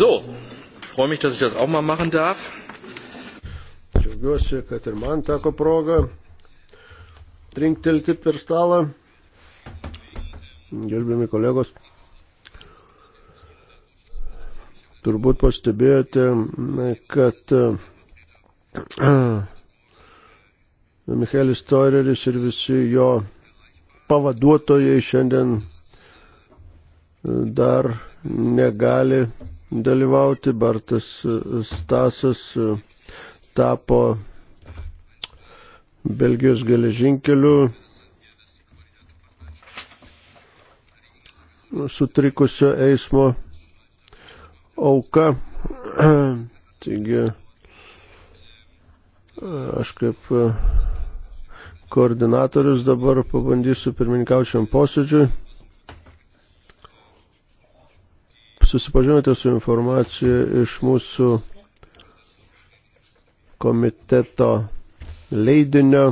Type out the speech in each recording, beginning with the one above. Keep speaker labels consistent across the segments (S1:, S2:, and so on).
S1: So, freue mich, dass ich das auch mal machen darf.
S2: Džiaugiuosi, kad ir man teko proga trinktelti per stalą. Gerbiami kolegos, turbūt pastebėjote, kad Michaelis Toireris ir visi jo pavaduotojai šiandien dar negali dalyvauti. Bartas e, Stasas e, tapo Belgijos geležinkeliu sutrikusio eismo auka. Taigi, aš kaip e, koordinatorius dabar pabandysiu pirmininkaučiam posėdžiui. susipažinote su informacija iš mūsų komiteto leidinio.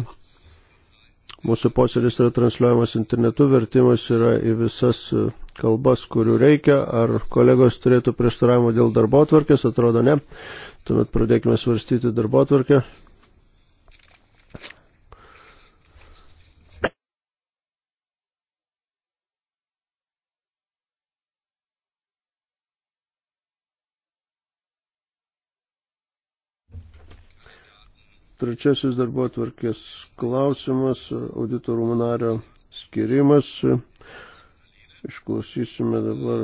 S2: Mūsų posėdis yra transliuojamas internetu, vertimas yra į visas kalbas, kurių reikia. Ar kolegos turėtų prieštaravimų dėl darbo tvarkės? Atrodo ne. Tuomet pradėkime svarstyti darbo tvarkę. Trečiasis darbo atvarkės klausimas, auditorų nario skirimas. Išklausysime dabar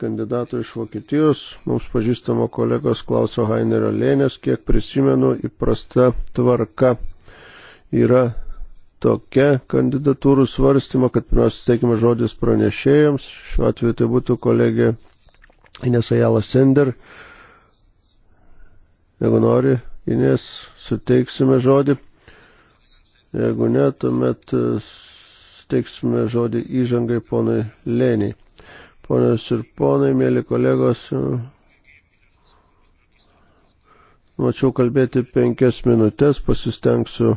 S2: kandidato iš Vokietijos, mums pažįstamo kolegos Klauso Hainerio Lėnės, kiek prisimenu, įprasta tvarka yra tokia kandidatūrų svarstymo, kad pirmiausia teikime žodis pranešėjams, šiuo atveju tai būtų kolegė Inesa Jala Sender, jeigu nori Inės suteiksime žodį. Jeigu ne, tuomet e, suteiksime žodį įžangai ponai Leniai. Ponios ir ponai, mėly kolegos, e, mačiau kalbėti penkias minutės, pasistengsiu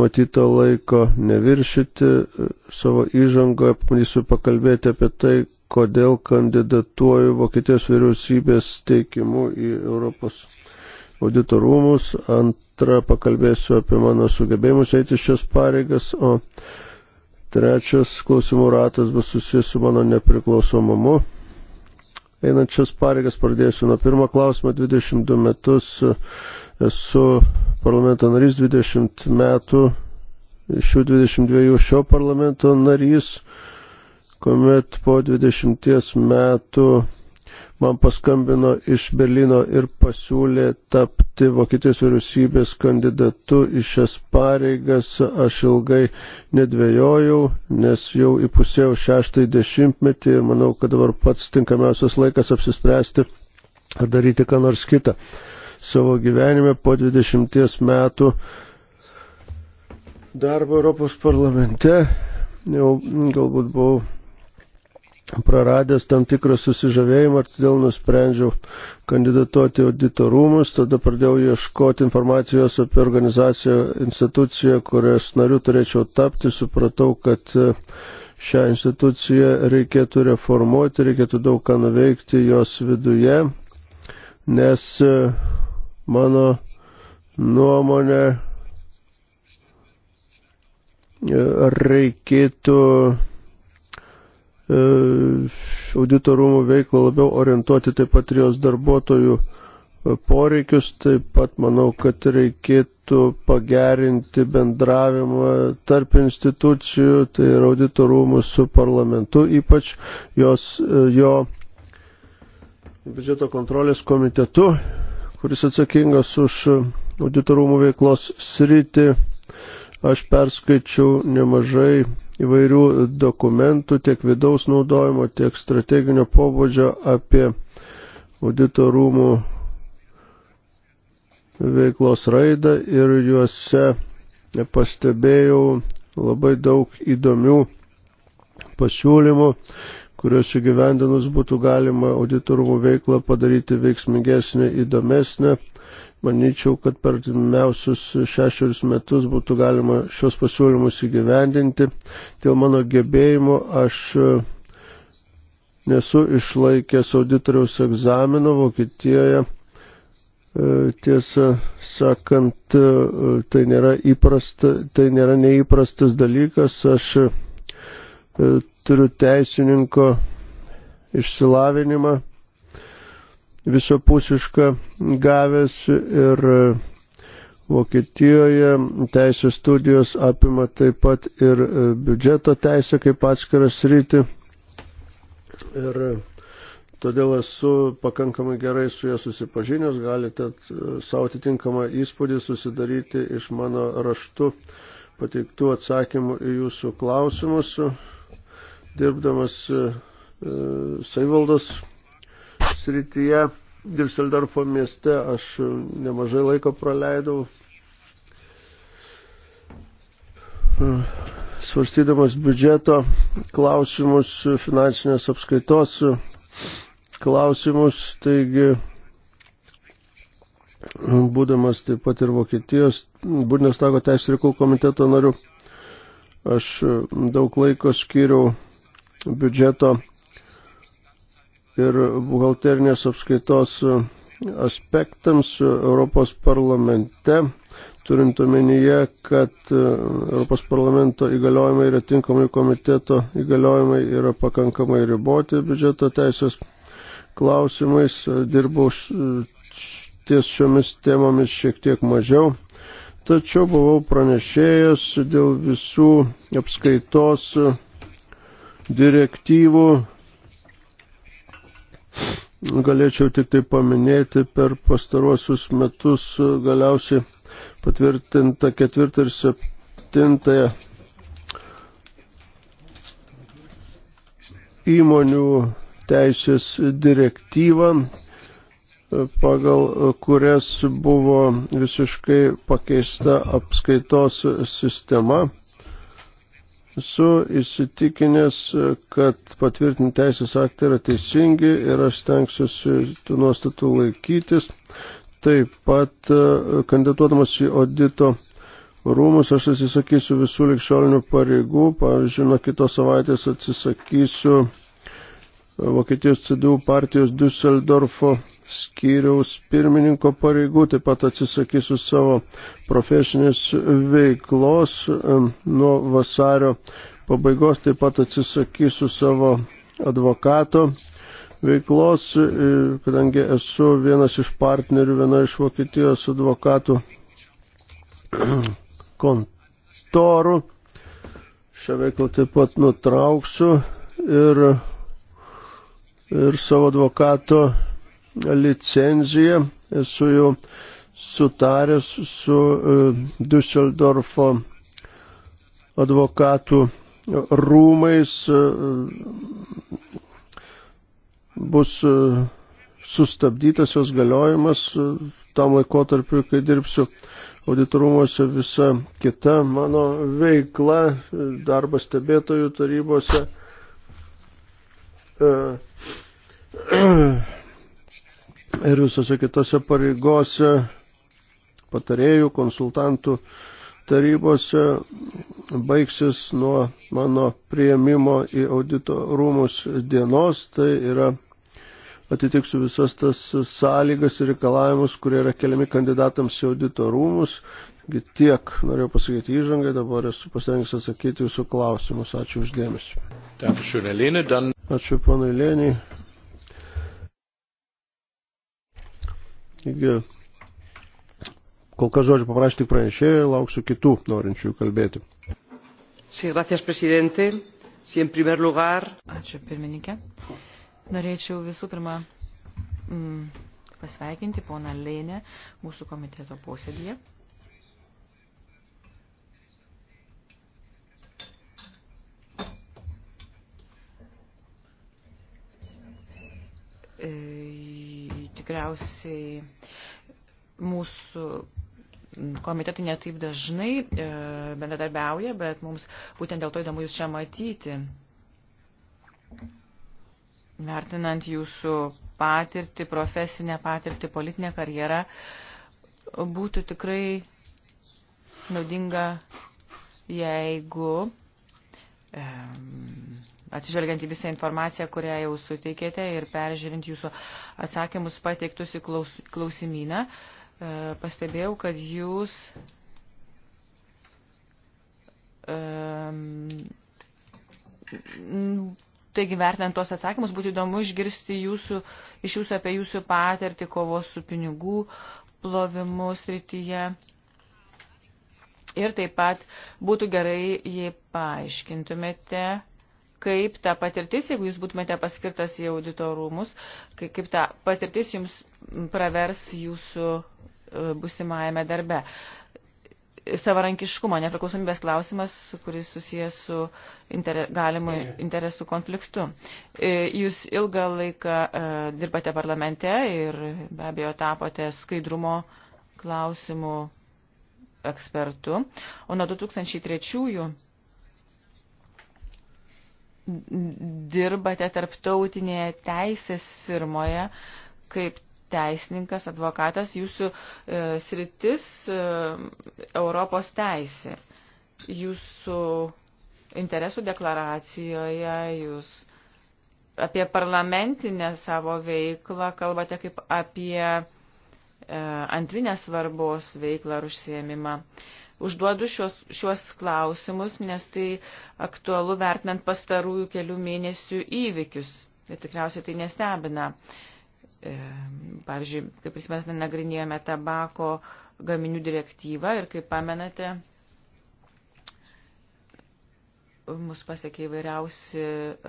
S2: matyto laiko neviršyti. E, savo įžangoje pabandysiu pakalbėti apie tai, kodėl kandidatuoju Vokietijos vyriausybės teikimu į Europos auditorumus, antrą pakalbėsiu apie mano sugebėjimus eiti šios pareigas, o trečias klausimų ratas bus susijęs su mano nepriklausomumu. Einant šias pareigas pradėsiu nuo pirmo klausimo, 22 metus esu parlamento narys, 20 metų, šių 22 šio parlamento narys, kuomet po 20 metų man paskambino iš Berlyno ir pasiūlė tapti Vokietijos vyriausybės kandidatu į šias pareigas. Aš ilgai nedvėjojau, nes jau įpusėjau šeštąjį dešimtmetį ir manau, kad dabar pats tinkamiausias laikas apsispręsti ar daryti ką nors kitą. Savo gyvenime po 20 metų darbo Europos parlamente jau galbūt buvau praradęs tam tikrą susižavėjimą ir todėl nusprendžiau kandidatuoti auditorumus, tada pradėjau ieškoti informacijos apie organizaciją, instituciją, kurias nariu turėčiau tapti, supratau, kad e, šią instituciją reikėtų reformuoti, reikėtų daug ką nuveikti jos viduje, nes e, mano nuomonė e, reikėtų E, auditorumų veiklą labiau orientuoti taip pat ir jos darbuotojų e, poreikius. Taip pat manau, kad reikėtų pagerinti bendravimą tarp institucijų, tai ir auditorumų su parlamentu, ypač jos, e, jo biudžeto kontrolės komitetu, kuris atsakingas už auditorumų veiklos sritį. Aš perskaičiau nemažai įvairių dokumentų, tiek vidaus naudojimo, tiek strateginio pobūdžio apie auditorumų veiklos raidą ir juose pastebėjau labai daug įdomių pasiūlymų, kuriuos įgyvendinus būtų galima auditorumų veiklą padaryti veiksmingesnė, įdomesnė. Manyčiau, kad per artimiausius šešerius metus būtų galima šios pasiūlymus įgyvendinti. Dėl mano gebėjimų aš e, nesu išlaikęs auditoriaus egzamino Vokietijoje. E, tiesą sakant, e, tai nėra, įprasta, tai nėra neįprastas dalykas. Aš turiu teisininko išsilavinimą visapusišką gavęs ir Vokietijoje teisės studijos apima taip pat ir e, biudžeto teisę kaip atskiras rytį. Ir e, todėl esu pakankamai gerai su jie susipažinęs, galite e, savo atitinkamą įspūdį susidaryti iš mano raštu pateiktų atsakymų į jūsų klausimus, dirbdamas e, savivaldos srityje Dilseldorfo mieste aš nemažai laiko praleidau e, svarstydamas biudžeto klausimus, finansinės apskaitos klausimus, taigi būdamas taip pat ir Vokietijos Bundestago teisės reikalų komiteto nariu, aš daug laiko skyriau biudžeto ir buhalterinės apskaitos aspektams Europos parlamente, turint omenyje, kad e, Europos parlamento įgaliojimai yra tinkamai komiteto įgaliojimai yra pakankamai riboti biudžeto teisės klausimais, dirbau ties šiomis temomis šiek tiek mažiau, tačiau buvau pranešėjęs dėl visų apskaitos direktyvų galėčiau tik tai paminėti per pastaruosius metus galiausiai patvirtinta ketvirtą ir septintąją įmonių teisės direktyvą, pagal kurias buvo visiškai pakeista apskaitos sistema. Esu įsitikinęs, kad patvirtinti teisės aktai yra teisingi ir aš stengsiuosi tų nuostatų laikytis. Taip pat e, kandidatuodamas į audito rūmus aš atsisakysiu visų likščiolinių pareigų, pavyzdžiui, nuo kitos savaitės atsisakysiu Vokietijos CDU partijos Düsseldorfo skyriaus pirmininko pareigų, taip pat atsisakysiu savo profesinės veiklos nuo vasario pabaigos, taip pat atsisakysiu savo advokato veiklos, e, kadangi esu vienas iš partnerių, viena iš Vokietijos advokatų kontorų. Šią veiklą taip pat nutrauksiu ir, ir savo advokato licenciją. Esu jau sutaręs su e, Düsseldorfo advokatų rūmais. E, bus e, sustabdytas jos galiojimas tam laikotarpiu, kai dirbsiu auditorumuose visa kita mano veikla, darbas stebėtojų tarybose. ir visose kitose pareigose patarėjų, konsultantų tarybose baigsis nuo mano prieimimo į audito rūmus dienos. Tai yra atitiksiu visas tas sąlygas ir reikalavimus, kurie yra keliami kandidatams į audito rūmus. Tiek norėjau pasakyti įžangai, dabar esu pasirengęs atsakyti jūsų klausimus. Ačiū uždėmesi. Ačiū ponai Lėniai. Taigi, kol kas žodžiu paprašyti tik pranešėjai, lauksiu kitų norinčių kalbėti.
S3: Sí, gracias, presidente. Sí, en primer lugar. Ačiū, pirmininkė. Norėčiau visų pirma mm, pasveikinti poną Lėnę mūsų komiteto posėdėje. E, tikriausiai mūsų komitetai netaip dažnai e, bendradarbiauja, bet mums būtent dėl to įdomu jūs čia matyti. Vertinant jūsų patirtį, profesinę patirtį, politinę karjerą, būtų tikrai naudinga, jeigu um, e, atsižvelgiant į visą informaciją, kurią jau suteikėte ir peržiūrint jūsų atsakymus pateiktus į klaus, klausimyną, e, pastebėjau, kad jūs Taigi, vertinant tuos atsakymus, būtų įdomu išgirsti jūsų, iš jūsų apie jūsų patirtį kovos su pinigų plovimu srityje. Ir taip pat būtų gerai, jei paaiškintumėte, kaip ta patirtis, jeigu jūs būtumėte paskirtas į auditorumus, kaip ta patirtis jums pravers jūsų e, busimajame darbe. Savarankiškumo, nepriklausomybės klausimas, kuris susijęs su inter, galimu interesų konfliktu. E, jūs ilgą laiką e, dirbate parlamente ir be abejo tapote skaidrumo klausimų ekspertu, o nuo 2003 dirbate tarptautinėje teisės firmoje kaip teisininkas, advokatas, jūsų e, sritis e, Europos teisė. Jūsų interesų deklaracijoje jūs apie parlamentinę savo veiklą kalbate kaip apie e, antrinės svarbos veiklą ar užsiemimą. E, Užduodu šios, šios klausimus, nes tai aktualu vertinant pastarųjų kelių mėnesių įvykius. Ir tai tikriausiai tai nestebina. E, pavyzdžiui, kaip prisimenate, nagrinėjome tabako gaminių direktyvą ir kaip pamenate, mus pasiekė įvairiausi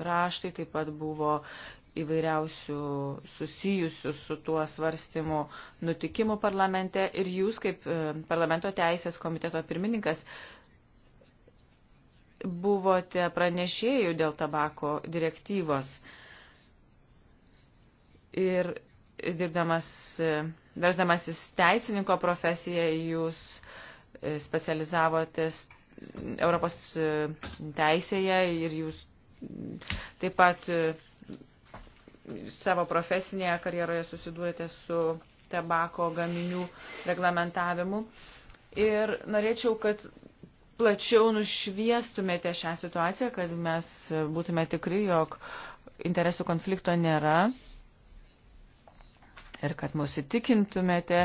S3: raštai, taip pat buvo įvairiausių susijusių su tuo svarstymu nutikimu parlamente ir jūs kaip e, parlamento teisės komiteto pirmininkas buvote pranešėjų dėl tabako direktyvos ir dirbdamas, e, versdamasis teisininko profesiją jūs e, specializavotės Europos e, teisėje ir jūs taip pat e, savo profesinėje karjeroje susidūrėte su tabako gaminių reglamentavimu. Ir norėčiau, kad plačiau nušviestumėte šią situaciją, kad mes būtume tikri, jog interesų konflikto nėra ir kad mus įtikintumėte,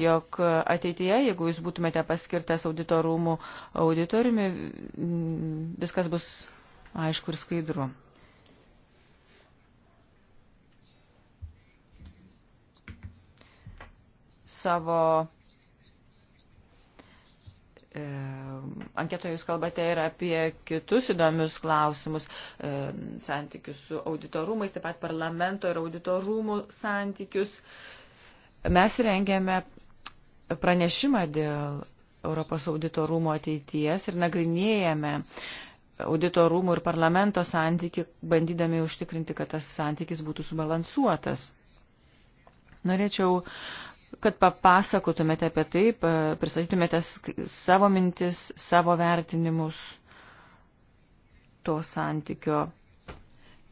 S3: jog ateityje, jeigu jūs būtumėte paskirtas auditorumų auditoriumi, viskas bus aišku ir skaidru. Savo E, anketoje jūs kalbate ir apie kitus įdomius klausimus, e, santykius su auditorumais, taip pat parlamento ir auditorumų santykius. Mes rengėme pranešimą dėl Europos auditorumo ateities ir nagrinėjame auditorumų ir parlamento santyki, bandydami užtikrinti, kad tas santykis būtų subalansuotas. Norėčiau kad papasakotumėte apie tai, pristatytumėte savo mintis, savo vertinimus to santykio.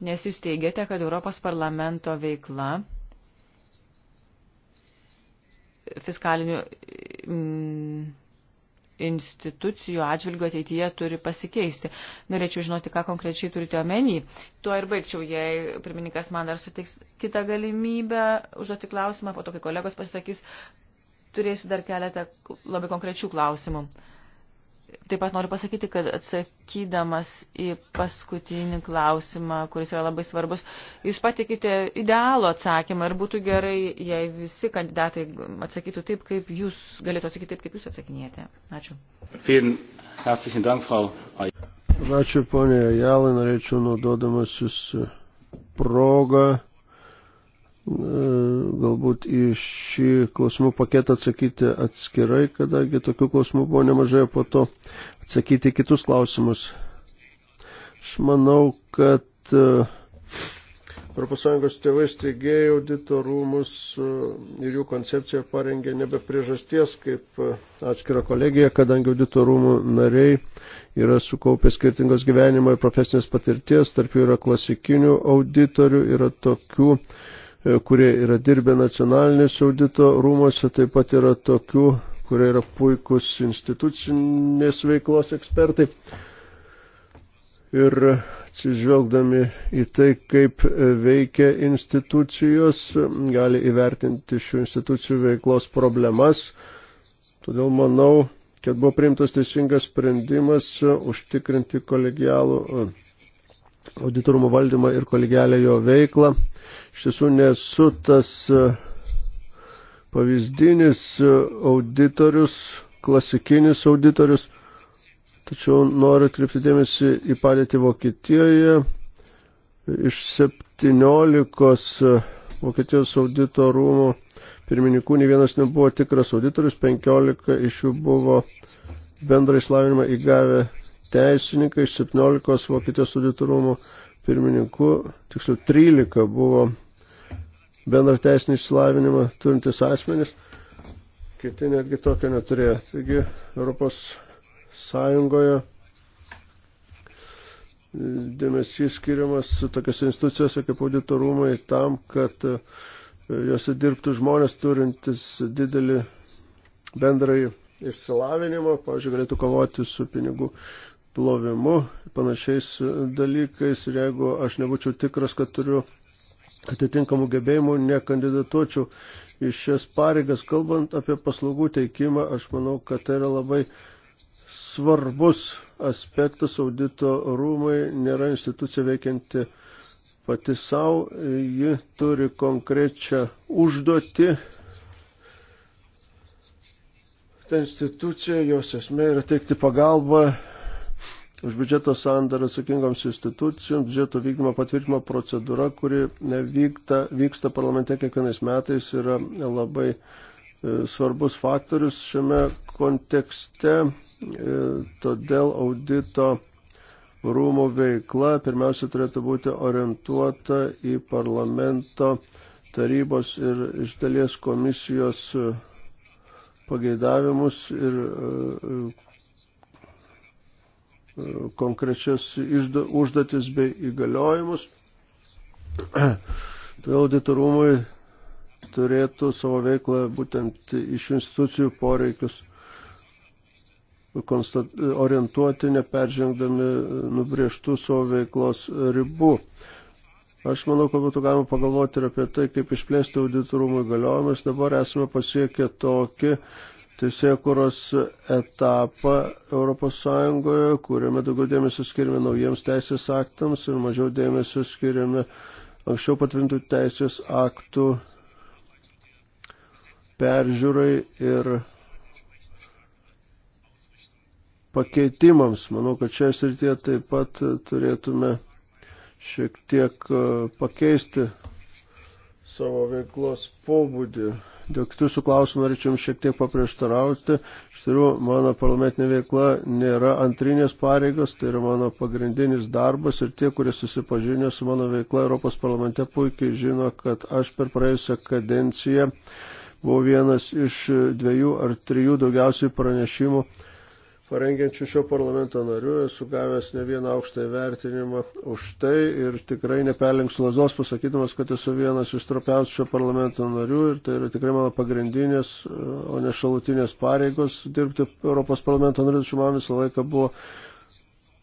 S3: Nes jūs teigiate, kad Europos parlamento veikla fiskalinių institucijų atžvilgių ateityje turi pasikeisti. Norėčiau žinoti, ką konkrečiai turite omeny. Tuo ir baigčiau, jei pirmininkas man dar suteiks kitą galimybę užduoti klausimą, po to, kai kolegos pasisakys, turėsiu dar keletą labai konkrečių klausimų. Taip pat noriu pasakyti, kad atsakydamas į paskutinį klausimą, kuris yra labai svarbus, jūs patikite idealų atsakymą ir būtų gerai, jei visi kandidatai atsakytų taip, kaip jūs galėtų atsakyti taip, kaip jūs atsakinėjate. Ačiū.
S2: Ačiū, ponė Jalai, norėčiau naudodamasis progą galbūt į šį klausimų paketą atsakyti atskirai, kadangi tokių klausimų buvo nemažai, po to atsakyti kitus klausimus. Aš manau, kad ES tėvai steigėjai auditorumus e, ir jų koncepciją parengė nebe priežasties kaip e, atskira kolegija, kadangi auditorumų nariai yra sukaupę skirtingos gyvenimo ir profesinės patirties, tarp jų yra klasikinių auditorių, yra tokių E, kurie yra dirbę nacionalinės audito rūmose, taip pat yra tokių, kurie yra puikus institucinės veiklos ekspertai. Ir atsižvelgdami į tai, kaip veikia institucijos, gali įvertinti šių institucijų veiklos problemas. Todėl manau, kad buvo priimtas teisingas sprendimas užtikrinti kolegialų auditorumo valdymą ir kolegelę jo veiklą. Iš tiesų nesu tas e, pavyzdinis e, auditorius, klasikinis auditorius, tačiau noriu atkreipti dėmesį į padėtį Vokietijoje. Iš 17 e, Vokietijos auditorumų pirmininkų nei vienas nebuvo tikras auditorius, 15 iš jų buvo bendrą išslavinimą įgavę teisininkai, 17 Vokietijos auditorumų pirmininkų, tiksliau 13 buvo bendrą teisinį išsilavinimą turintis asmenys, kiti netgi tokio neturėjo. Taigi Europos Sąjungoje dėmesys skiriamas tokias institucijose kaip auditorumai tam, kad e, juose dirbtų žmonės turintis didelį bendrąjį išsilavinimą, pavyzdžiui, galėtų kovoti su pinigų plovimu, panašiais e, dalykais ir jeigu aš nebūčiau tikras, kad turiu atitinkamų gebėjimų, nekandidatuočiau iš šias pareigas. Kalbant apie paslaugų teikimą, aš manau, kad tai yra labai svarbus aspektas audito rūmai, nėra institucija veikianti pati savo, ji turi konkrečią užduotį ta institucija, jos esmė yra teikti pagalbą už biudžeto sandarą atsakingoms institucijoms, biudžeto vykdymo patvirtimo procedūra, kuri e, vyksta, vyksta parlamente kiekvienais metais, yra labai e, svarbus faktorius šiame kontekste, e, todėl audito rūmų veikla pirmiausia turėtų būti orientuota į parlamento tarybos ir iš dalies komisijos pageidavimus ir konkrečias išda, užduotis bei įgaliojimus. Todėl auditorumai turėtų savo veiklą būtent iš institucijų poreikius orientuoti, neperžengdami nubrieštų savo veiklos ribų. Aš manau, kad būtų galima pagalvoti ir apie tai, kaip išplėsti auditorumų įgaliojimus. Dabar esame pasiekę tokį teisėkuros etapą ES, kuriame daugiau dėmesio skiriame naujiems teisės aktams ir mažiau dėmesio skiriame anksčiau patvirtintų teisės aktų peržiūrai ir pakeitimams. Manau, kad čia srityje taip pat turėtume šiek tiek e, pakeisti savo veiklos pobūdį. Dėl kitų su klausimų norėčiau šiek tiek paprieštarauti. Iš tikrųjų, mano parlamentinė veikla nėra antrinės pareigos, tai yra mano pagrindinis darbas ir tie, kurie susipažinę su mano veikla Europos parlamente puikiai žino, kad aš per praėjusią kadenciją buvau vienas iš dviejų ar trijų daugiausiai pranešimų parengiančių šio parlamento narių, esu gavęs ne vieną aukštą įvertinimą už tai ir tikrai neperlinksiu lazos pasakydamas, kad esu vienas iš trapiausių šio parlamento narių ir tai yra tikrai mano pagrindinės, o ne šalutinės pareigos dirbti Europos parlamento narių, tačiau man visą laiką buvo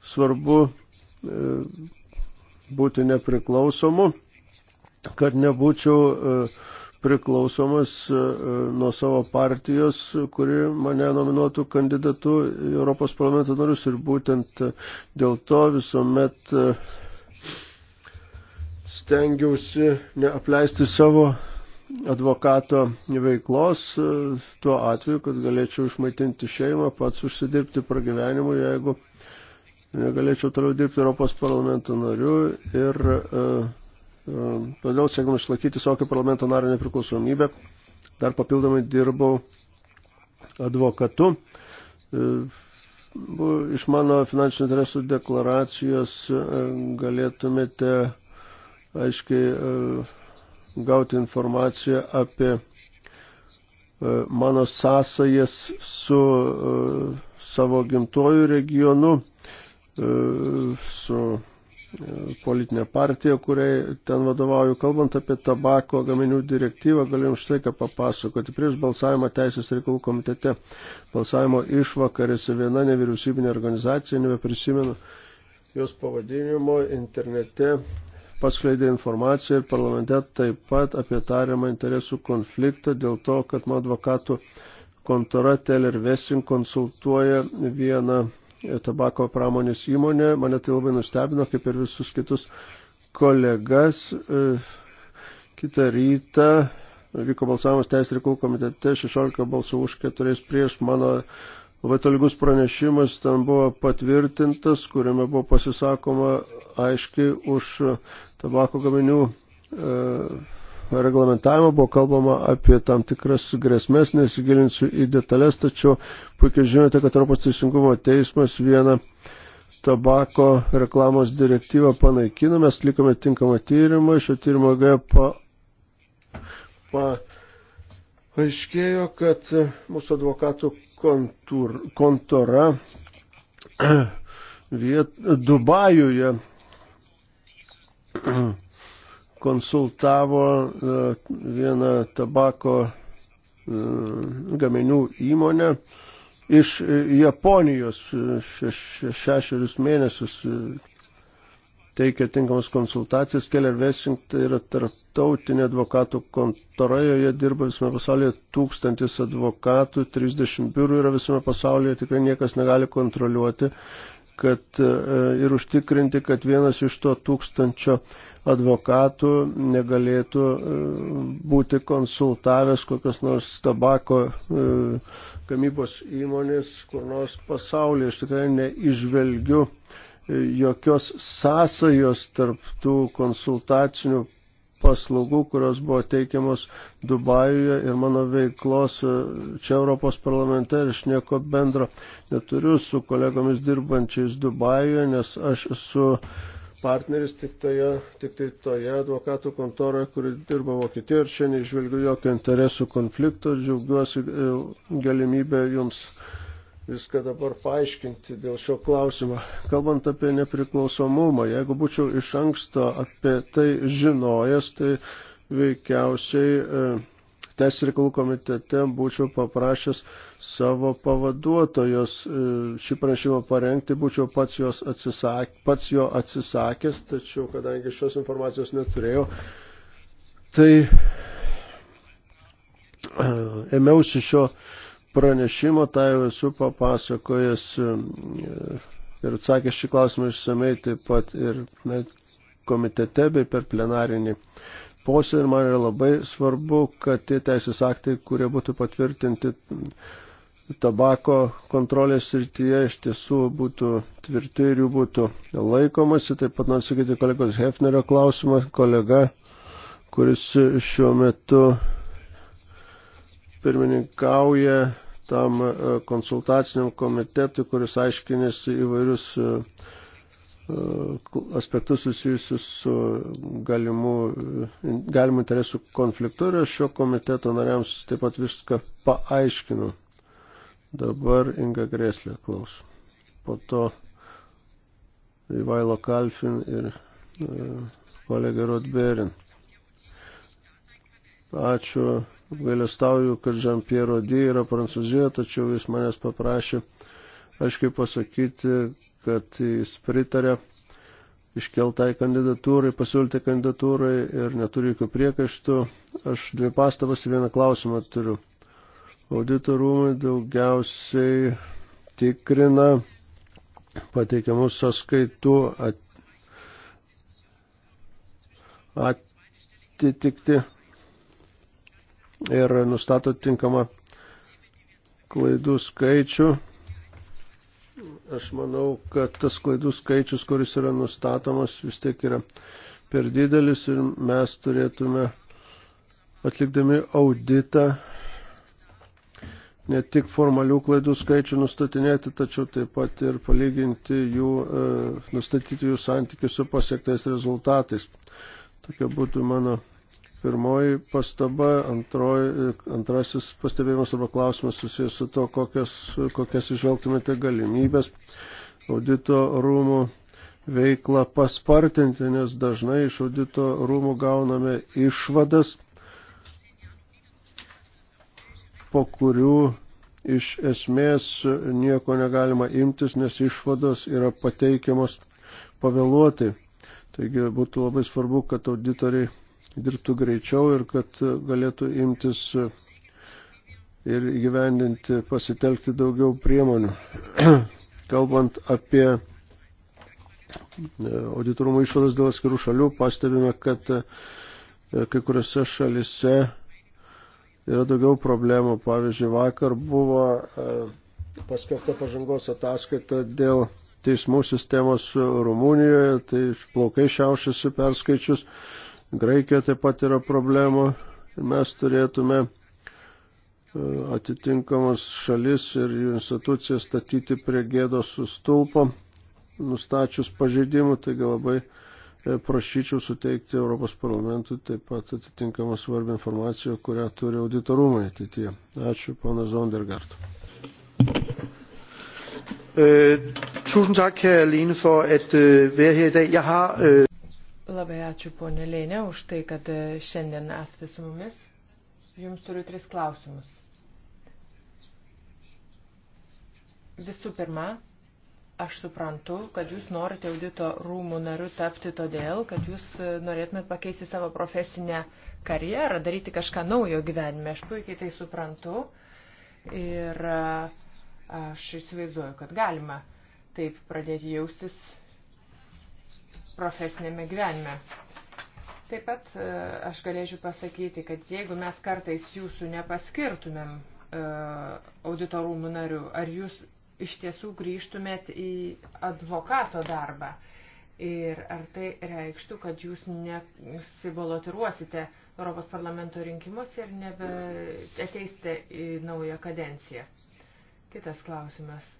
S2: svarbu e, būti nepriklausomu, kad nebūčiau e, priklausomas e, e, nuo savo partijos, kuri mane nominuotų kandidatu į Europos parlamento narius ir būtent e, dėl to visuomet stengiausi neapleisti savo advokato veiklos tuo atveju, kad galėčiau išmaitinti šeimą, pats užsidirbti pragyvenimui, jeigu negalėčiau toliau dirbti Europos parlamento nariu ir uh, Todėl, siekdama išlaikyti savo parlamento nario nepriklausomybę, dar papildomai dirbau advokatu. E, iš mano finansinių interesų deklaracijos e, galėtumėte aiškiai e, gauti informaciją apie mano sąsajas su savo gimtojų regionu, su politinę partiją, kuriai ten vadovauju. Kalbant apie tabako gaminių direktyvą, galiu jums štai ką papasakoti. Prieš balsavimą Teisės reikalų komitete balsavimo išvakarėse viena nevyriausybinė organizacija, nebeprisimenu jos pavadinimo, internete paskleidė informaciją ir parlamente taip pat apie tariamą interesų konfliktą dėl to, kad mano advokatų kontora Teller Vesing konsultuoja vieną tabako pramonės įmonė. Mane tai labai nustebino, kaip ir visus kitus kolegas. E, Kita rytą vyko balsavimas Teisės reikalų komitete, 16 balsų už 4 prieš mano labai tolygus pranešimas ten buvo patvirtintas, kuriame buvo pasisakoma aiškiai už tabako gaminių e, reglamentavimo, buvo kalbama apie tam tikras grėsmės, nesigilinsiu į detalės, tačiau puikiai žinote, kad Europos teisingumo teismas vieną tabako reklamos direktyvą panaikino, mes likome tinkamą tyrimą, šio tyrimo G pa, pa, aiškėjo, kad mūsų advokatų kontur, kontora viet, Dubajuje konsultavo e, vieną tabako e, gaminių įmonę iš Japonijos e, šešerius mėnesius teikia tinkamas konsultacijas. Keller Vesing tai yra tarptautinė advokatų kontora, joje dirba visame pasaulyje tūkstantis advokatų, 30 biurų yra visame pasaulyje, tikrai niekas negali kontroliuoti kad, ir užtikrinti, kad vienas iš to tūkstančio advokatų negalėtų e, būti konsultavęs kokios nors tabako e, gamybos įmonės kur nors pasaulyje. Aš tikrai neižvelgiu e, jokios sąsajos tarp tų konsultacinių paslaugų, kurios buvo teikiamos Dubajuje ir mano veiklos čia Europos parlamente ir aš nieko bendro neturiu su kolegomis dirbančiais Dubajuje, nes aš esu partneris tik, toje, tik tai toje advokatų kontoroje, kuri dirba Vokietijoje ir šiandien išvelgiu jokio interesų konflikto. Džiaugiuosi e, galimybę jums viską dabar paaiškinti dėl šio klausimo. Kalbant apie nepriklausomumą, jeigu būčiau iš anksto apie tai žinojęs, tai veikiausiai. E, Teisės reikalų komitete būčiau paprašęs savo pavaduotojos e, šį pranešimą parengti, būčiau pats, jos atsisak, pats jo atsisakęs, tačiau kadangi šios informacijos neturėjau, tai e, ėmiausi šio pranešimo, tai jau esu papasakojęs e, ir atsakęs šį klausimą išsamei taip pat ir net komitete bei per plenarinį posėdį ir man yra labai svarbu, kad tie teisės aktai, kurie būtų patvirtinti tabako kontrolės srityje iš tiesų būtų tvirti ir jų būtų laikomasi. Taip pat noriu sakyti kolegos Hefnerio klausimą, kolega, kuris šiuo metu pirmininkauja tam e, konsultaciniam komitetui, kuris aiškinėsi įvairius e, aspektus susijusius su galimu, galimu interesų konfliktu ir aš šio komiteto nariams taip pat viską paaiškinu. Dabar Inga Greslė klaus. Po to Ivailo Kalfin ir e, kolega Rodberin. Ačiū, gailestauju, kad Jean-Pierre Rodi yra Prancūzijoje, tačiau jis manęs paprašė aiškiai pasakyti, kad jis pritarė iškeltai kandidatūrai, pasiūlyti kandidatūrai ir neturiu jokių priekaištų. Aš dvi pastabas ir vieną klausimą turiu. Auditorumai daugiausiai tikrina pateikiamus sąskaitų at... atitikti ir nustato tinkamą klaidų skaičių Aš manau, kad tas klaidų skaičius, kuris yra nustatomas, vis tiek yra per didelis ir mes turėtume atlikdami auditą ne tik formalių klaidų skaičių nustatinėti, tačiau taip pat ir palyginti jų, e, nustatyti jų santykius su pasiektais rezultatais. Tokia būtų mano Pirmoji pastaba, antroji, antrasis pastebėjimas arba klausimas susijęs su to, kokias, kokias išvelgtumėte galimybės audito rūmų veiklą paspartinti, nes dažnai iš audito rūmų gauname išvadas, po kurių iš esmės nieko negalima imtis, nes išvados yra pateikiamos pavėluoti. Taigi būtų labai svarbu, kad auditoriai dirbtų greičiau ir kad galėtų imtis ir įgyvendinti, pasitelkti daugiau priemonių. Kalbant apie e, auditorumo išvadas dėl atskirų šalių, pastebime, kad e, kai kuriuose šalise yra daugiau problemų. Pavyzdžiui, vakar buvo e, paskelbta pažangos ataskaita dėl teismų sistemos Rumunijoje, tai plaukai šiaušiasi perskaičius. Graikijoje taip pat yra problemų ir mes turėtume e, atitinkamas šalis ir jų institucijas statyti prie gėdos stulpo, nustačius pažeidimų, taigi labai e, prašyčiau suteikti Europos parlamentui taip pat atitinkamą svarbią informaciją, kurią turi auditorumai ateityje. Ačiū, pana Zondergart. E, Tusind tak, kære Lene, for at øh, være her i dag. Jeg har... Øh...
S1: Labai ačiū ponė Lėnė už tai, kad e, šiandien esate su mumis. Jums turiu tris klausimus. Visų pirma, aš suprantu, kad jūs norite audito rūmų nariu tapti todėl, kad jūs e, norėtumėt pakeisti savo profesinę karjerą, daryti kažką naujo gyvenime. Aš puikiai tai suprantu ir e, aš įsivaizduoju, kad galima taip pradėti jaustis profesinėme gyvenime. Taip pat e, aš galėčiau pasakyti, kad jeigu mes kartais jūsų nepaskirtumėm e, auditorumų narių, ar jūs iš tiesų grįžtumėt į advokato darbą? Ir ar tai reikštų, kad jūs nesibolotiruosite Europos parlamento rinkimus ir nebeateisite į naują kadenciją? Kitas klausimas.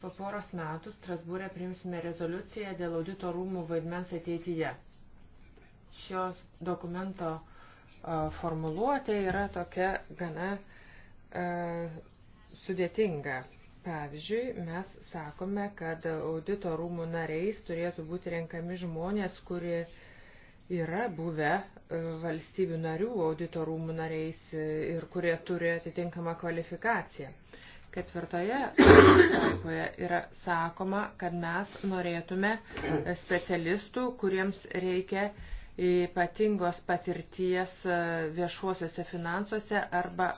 S1: Po poros metų Strasbūrė priimsime rezoliuciją dėl audito rūmų vaidmens ateityje. Šios dokumento formuluotė yra tokia gana e, sudėtinga. Pavyzdžiui, mes sakome, kad audito rūmų nariais turėtų būti renkami žmonės, kurie yra buvę valstybių narių audito rūmų nariais ir kurie turi atitinkamą kvalifikaciją. E, Ketvirtoje pastraipoje yra sakoma, kad mes norėtume specialistų, kuriems reikia ypatingos patirties e, viešuosiuose finansuose arba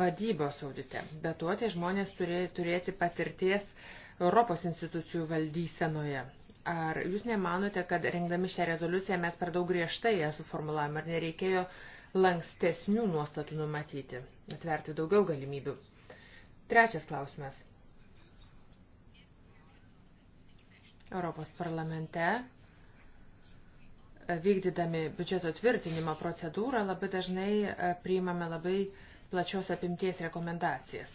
S1: vadybos audite. Be to, tie žmonės turi turėti patirties Europos institucijų valdysenoje. Ar jūs nemanote, kad rengdami šią rezoliuciją mes per daug griežtai ją suformulavome, ar nereikėjo lankstesnių nuostatų numatyti, atverti daugiau galimybių? Trečias klausimas. Europos parlamente e, vykdydami biudžeto tvirtinimo procedūrą labai dažnai e, priimame labai plačios apimties rekomendacijas.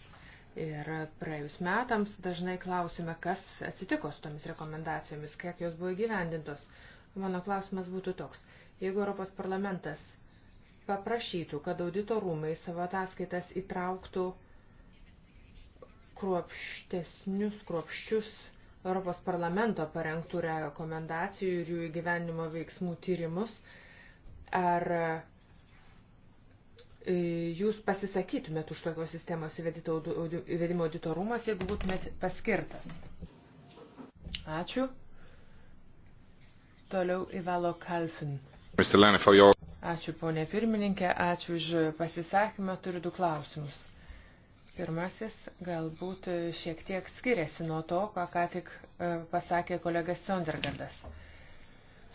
S1: Ir praėjus metams dažnai klausime, kas atsitiko su tomis rekomendacijomis, kiek jos buvo įgyvendintos. Mano klausimas būtų toks. Jeigu Europos parlamentas paprašytų, kad audito rūmai savo ataskaitas įtrauktų uh, kruopštesnius, kruopščius Europos parlamento parengtų rekomendacijų ir jų įgyvenimo veiksmų tyrimus. Ar e, jūs pasisakytumėt už tokios sistemos įvedimo auditorumas, jeigu būtumėt paskirtas? Ačiū. Toliau Ivalo Kalfin. Ačiū, ponė pirmininkė, ačiū už pasisakymą, turiu du klausimus. Pirmasis galbūt šiek tiek skiriasi nuo to, ką ką tik e, pasakė kolegas Sondergardas.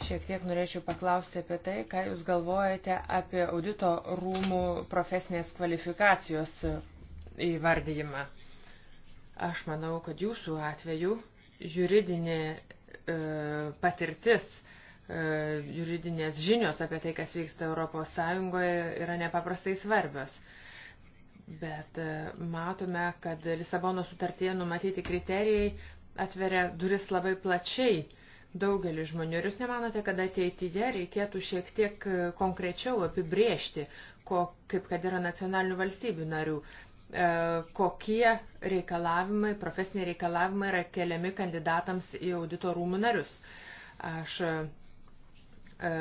S1: Šiek tiek norėčiau paklausti apie tai, ką Jūs galvojate apie audito rūmų profesinės kvalifikacijos e, įvardyjimą. Aš manau, kad Jūsų atveju juridinė e, patirtis, e, juridinės žinios apie tai, kas vyksta ES, yra nepaprastai svarbios. E, Bet e, matome, kad Lisabono sutartyje numatyti kriterijai atveria duris labai plačiai daugelį žmonių. Ir jūs nemanote, kad ateityje reikėtų šiek tiek e, konkrečiau apibriežti, ko, kaip kad yra nacionalinių valstybių narių, e, kokie reikalavimai, profesiniai reikalavimai yra keliami kandidatams į audito rūmų narius. Aš e,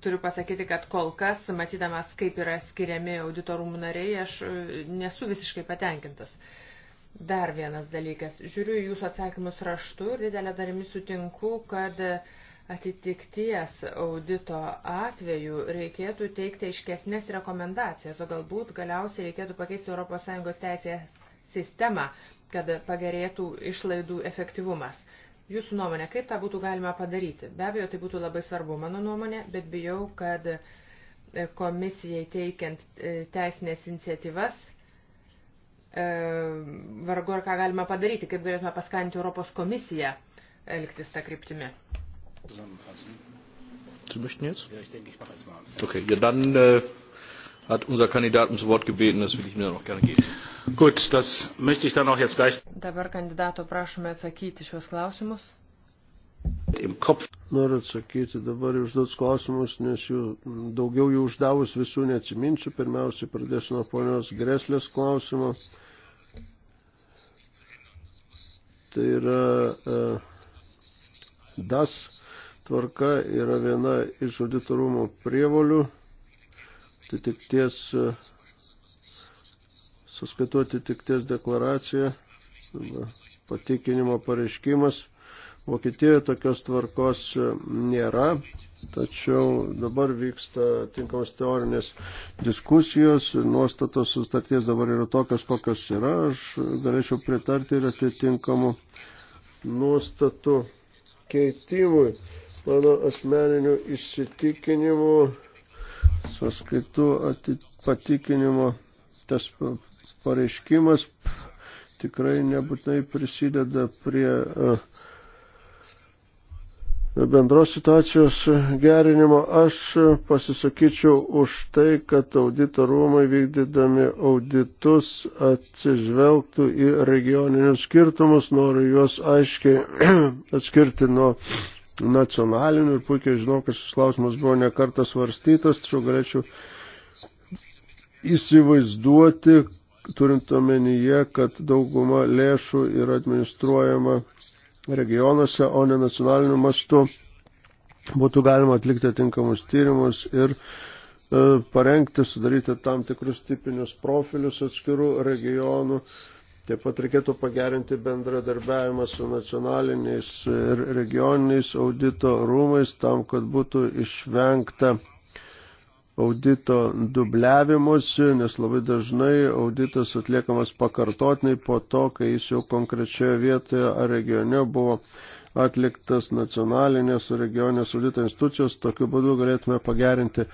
S1: turiu pasakyti, kad kol kas, matydamas, kaip yra skiriami auditorumų nariai, aš e, nesu visiškai patenkintas. Dar vienas dalykas. Žiūriu jūsų atsakymus raštu ir didelę darimi sutinku, kad atitikties audito atveju reikėtų teikti aiškesnės rekomendacijas, o galbūt galiausiai reikėtų pakeisti ES teisės sistemą, kad pagerėtų išlaidų efektyvumas. Jūsų nuomonė, kaip tą būtų galima padaryti? Be abejo, tai būtų labai svarbu, mano nuomonė, bet bijau, kad e, komisijai teikiant e, teisinės iniciatyvas, e, vargu ar ką galima padaryti, kaip galėtume paskatinti Europos komisiją elgtis tą kryptimį. Sie möchten jetzt? Ja, ich denke, ich mache jetzt mal. Okay, ja, dann äh, hat unser Kandidat ums Wort gebeten, das will ich mir dann auch gerne geben. Gut, das möchte ich dann auch jetzt gleich. Dabar kandidato prašome atsakyti šios klausimus.
S2: Noriu atsakyti dabar užduotus klausimus, nes jų daugiau jų uždavus visų neatsiminsiu. Pirmiausiai pradėsiu nuo ponios Greslės klausimo. Tai yra uh, DAS tvarka yra viena iš auditorumo prievolių. Tai tik ties uh, e, suskaituoti tik ties deklaracija, patikinimo pareiškimas. Vokietijoje tokios tvarkos e, nėra, tačiau dabar vyksta tinkamos teorinės diskusijos, nuostatos sutarties dabar yra tokios, kokios yra, aš galėčiau pritarti ir atitinkamų nuostatų keitimui. Mano asmeniniu įsitikinimu, sąskaitų patikinimo, tas pareiškimas tikrai nebūtinai prisideda prie e, bendros situacijos gerinimo. Aš pasisakyčiau už tai, kad auditorumai vykdydami auditus atsižvelgtų į regioninius skirtumus, noriu juos aiškiai atskirti nuo nacionalinių ir puikiai žinau, kad šis klausimas buvo nekartas svarstytas, tačiau galėčiau įsivaizduoti, turint omenyje, kad dauguma lėšų yra administruojama regionuose, o ne nacionaliniu mastu, būtų galima atlikti atinkamus tyrimus ir e, parengti, sudaryti tam tikrus tipinius profilius atskirų regionų. Taip pat reikėtų pagerinti bendradarbiavimą su nacionaliniais ir regioniniais audito rūmais tam, kad būtų išvengta audito dubliavimuose, nes labai dažnai auditas atliekamas pakartotinai po to, kai jis jau konkrečioje vietoje ar regione buvo atliktas nacionalinės regionės audito institucijos. Tokiu būdu galėtume pagerinti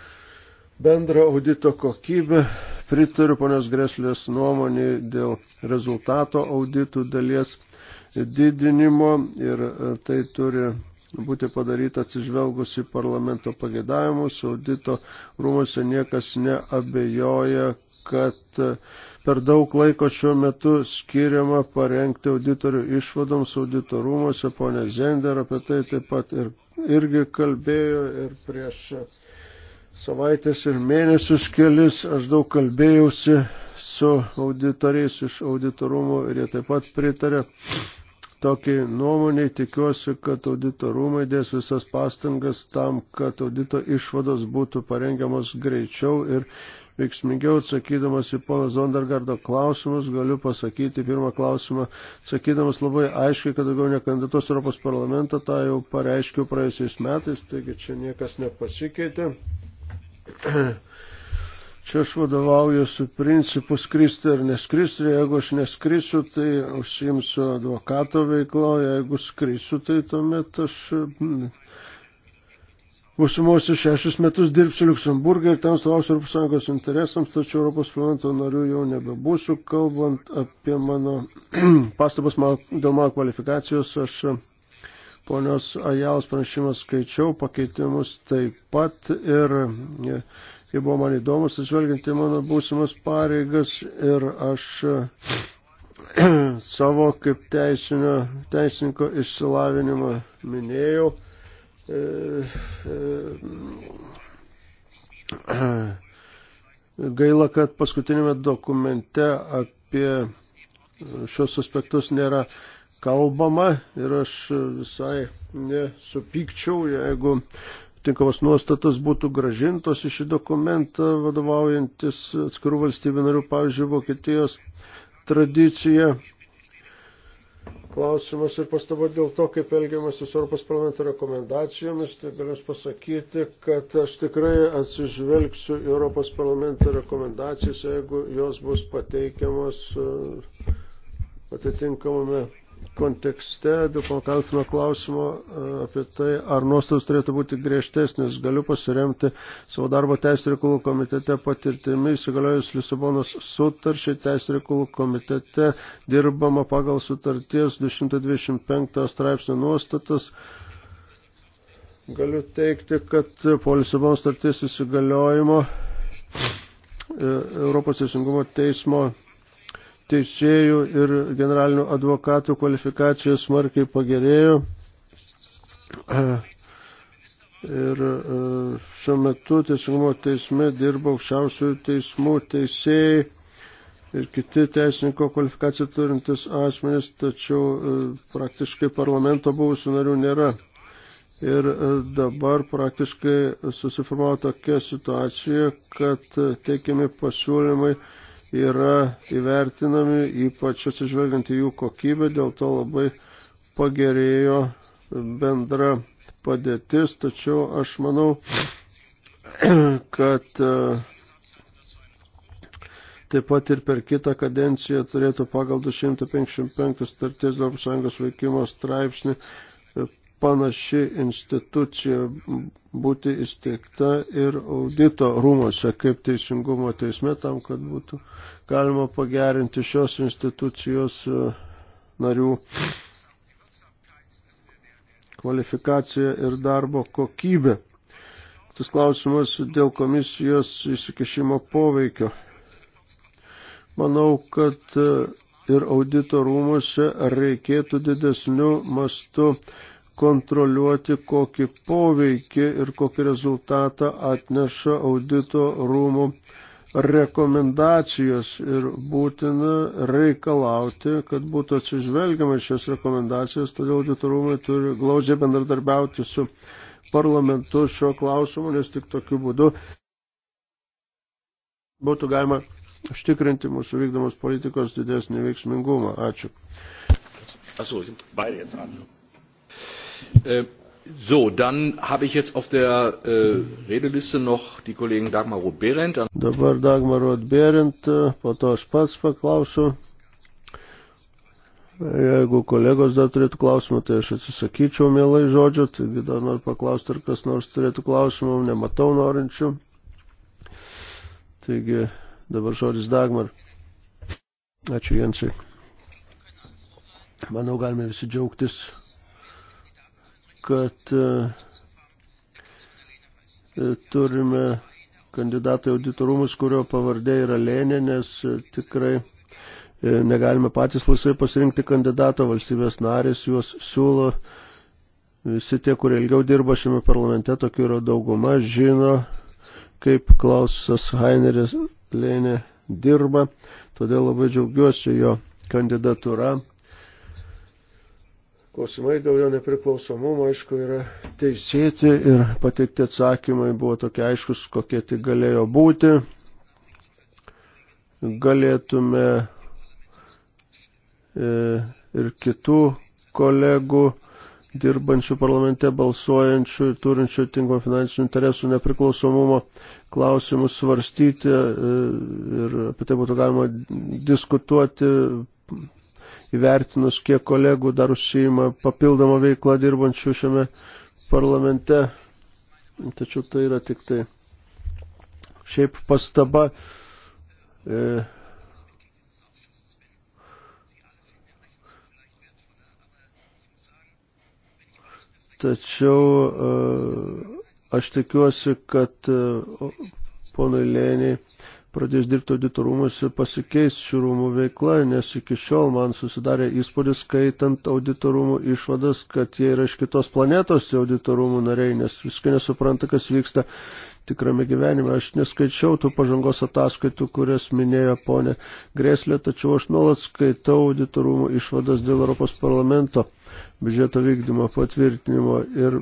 S2: bendrą audito kokybę. Pritariu ponios Greslės nuomonį dėl rezultato auditų dalies didinimo ir e, tai turi būti padaryta atsižvelgus į parlamento pagėdavimus. Audito rūmose niekas neabejoja, kad per daug laiko šiuo metu skiriama parengti auditorių išvadoms audito rūmose. Pone Zender apie tai taip pat ir, irgi kalbėjo ir prieš savaitės ir mėnesius kelis aš daug kalbėjausi su auditoriais iš auditorumų ir jie taip pat pritarė tokiai nuomonė, tikiuosi, kad audito rūmai dės visas pastangas tam, kad audito išvados būtų parengiamos greičiau ir veiksmingiau atsakydamas į pono Zondergardo klausimus, galiu pasakyti pirmą klausimą, atsakydamas labai aiškiai, kad daugiau nekandidatos Europos parlamentą, tą jau pareiškiau praėjusiais metais, taigi čia niekas nepasikeitė. Čia aš vadovaujuosi principus skristi ar neskristi, jeigu aš neskrisiu, tai užsiimsiu advokato veiklo, jeigu skrisiu, tai tuomet aš mm, Būsimuosius šešius metus dirbsiu Luksemburgė ir ten stovausiu Europos Sąjungos interesams, tačiau Europos parlamento narių jau nebebūsiu. Kalbant apie mano pastabas dėl mano kvalifikacijos, aš ponios Ajaus pranešimą skaičiau, pakeitimus taip pat ir jie buvo man įdomus, atsvelgiant į mano būsimas pareigas ir aš savo kaip teisinio, teisinko išsilavinimą minėjau. E, e, gaila, kad paskutinėme dokumente apie šios aspektus nėra kalbama ir aš visai nesupykčiau, jeigu tinkamos nuostatos būtų gražintos į šį dokumentą, vadovaujantis atskirų valstybių narių, pavyzdžiui, Vokietijos tradicija. Klausimas ir pastaba dėl to, kaip elgiamasi su Europos parlamento rekomendacijomis, tai galiu pasakyti, kad aš tikrai atsižvelgsiu Europos parlamento rekomendacijas, jeigu jos bus pateikiamos e, atitinkamame kontekste dėl pono Kalfino klausimo e, apie tai, ar nuostatos turėtų būti griežtesnis. Galiu pasiremti savo darbo teisų reikalų komitete patirtimi, įsigaliojus Lisabonos sutarčiai teisų reikalų komitete dirbama pagal sutarties 225 straipsnio nuostatas. Galiu teikti, kad po Lisabonos sutarties įsigaliojimo e, Europos teisingumo teismo teisėjų ir generalinių advokatų kvalifikacija smarkiai pagerėjo. Ir e, šiuo metu teisingumo teisme dirba aukščiausių teismų teisėjai ir kiti teisininko kvalifikaciją turintis asmenys, tačiau e, praktiškai parlamento buvusių narių nėra. Ir e, dabar praktiškai susiformavo tokia situacija, kad teikiami pasiūlymai yra įvertinami, ypač atsižvelgiant į jų kokybę, dėl to labai pagerėjo bendra padėtis, tačiau aš manau, kad e, taip pat ir per kitą kadenciją turėtų pagal 255 starties Europos Sąjungos veikimo straipsnį panaši institucija būti įsteigta ir audito rūmose kaip teisingumo teisme tam, kad būtų galima pagerinti šios institucijos e, narių kvalifikaciją ir darbo kokybę. Tas klausimas dėl komisijos įsikešimo poveikio. Manau, kad e, ir audito rūmose reikėtų didesnių mastų kontroliuoti, kokį poveikį ir kokį rezultatą atneša audito rūmų rekomendacijos ir būtina reikalauti, kad būtų atsižvelgiama šios rekomendacijos, todėl auditorumai turi glaudžiai bendradarbiauti su parlamentu šio klausimu, nes tik tokiu būdu būtų galima užtikrinti mūsų vykdomos politikos didesnį veiksmingumą. Ačiū.
S1: Achso, beide jetzt an. Äh, so, dann habe ich jetzt auf der äh, Redeliste noch die Kollegen Dagmar Roth-Behrendt. Dabar
S2: Dagmar Roth-Behrendt, äh, po to aš pats paklausiu. Jeigu kolegos dar turėtų klausimą, tai aš atsisakyčiau mielai žodžio, taigi dar noriu paklausti, ar kas nors turėtų klausimą, nematau norinčių. Taigi dabar žodis Dagmar. Ačiū Jensai. Manau, galime visi džiaugtis kad e, e, turime kandidatą į auditorumus, kurio pavardė yra Lėnė, nes e, tikrai negalime patys laisvai pasirinkti kandidato, valstybės narės juos siūlo. Visi tie, kurie ilgiau dirba šiame parlamente, tokių yra dauguma, žino, kaip Klausas Heineris Lėnė dirba, todėl labai džiaugiuosi jo kandidatūra. Klausimai dėl jo nepriklausomumo, aišku, yra teisėti ir pateikti atsakymai buvo tokie aiškus, kokie tik galėjo būti. Galėtume e, ir kitų kolegų dirbančių parlamente, balsuojančių ir turinčių tinkamą finansinių interesų nepriklausomumo klausimus svarstyti e, ir apie tai būtų galima diskutuoti įvertinus, kiek kolegų dar užsijima papildomą veiklą dirbančių šiame parlamente. Tačiau tai yra tik tai šiaip pastaba. E, Tačiau e, aš tikiuosi, kad e, ponui Lėniai pradės dirbti auditorumuose pasikeis šių rūmų veikla, nes iki šiol man susidarė įspūdis, skaitant auditorumų išvadas, kad jie yra iš kitos planetos auditorumų nariai, nes viskai nesupranta, kas vyksta tikrame gyvenime. Aš neskaičiau tų pažangos ataskaitų, kurias minėjo ponė Greslė, tačiau aš nuolat skaitau auditorumų išvadas dėl Europos parlamento biudžeto vykdymo patvirtinimo ir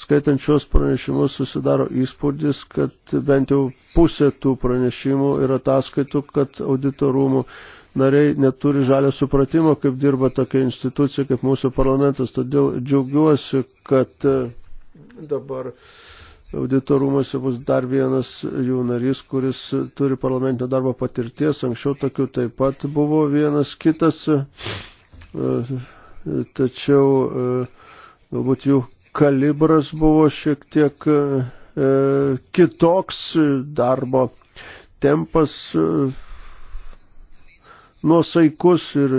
S2: skaitant šios pranešimus susidaro įspūdis, kad bent jau pusė tų pranešimų ir ataskaitų, kad auditorumų nariai neturi žalio supratimo, kaip dirba tokia institucija kaip mūsų parlamentas. Todėl džiaugiuosi, kad e, dabar auditorumuose bus dar vienas jų narys, kuris turi parlamentinio darbo patirties. Anksčiau tokių taip pat buvo vienas kitas, e, tačiau e, galbūt jų kalibras buvo šiek tiek e, e, kitoks darbo tempas e, nuosaikus ir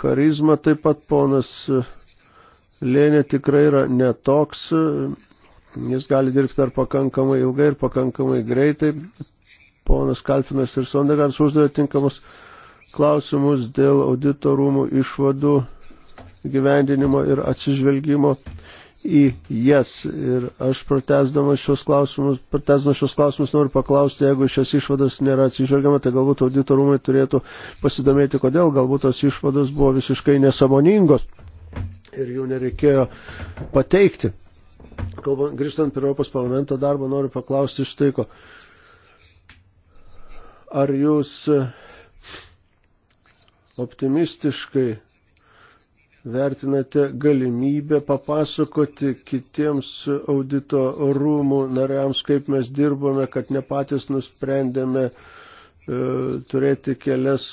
S2: charizma taip pat ponas Lėnė tikrai yra netoks, e, jis gali dirbti ar pakankamai ilgai ir pakankamai greitai. Ponas Kalfinas ir Sondegans uždavė tinkamus klausimus dėl auditorumų išvadų gyvendinimo ir atsižvelgimo į jas. Ir aš pratesdamas šios klausimus, pratesdamas šios klausimus noriu paklausti, jeigu šias išvadas nėra atsižvelgiama, tai galbūt auditorumai turėtų pasidomėti, kodėl galbūt tos išvados buvo visiškai nesamoningos ir jų nereikėjo pateikti. Kalbant, grįžtant prie Europos parlamento darbo, noriu paklausti iš tai, ko. Ar jūs optimistiškai vertinate galimybę papasakoti kitiems audito rūmų nariams, kaip mes dirbome, kad ne patys nusprendėme e, turėti kelias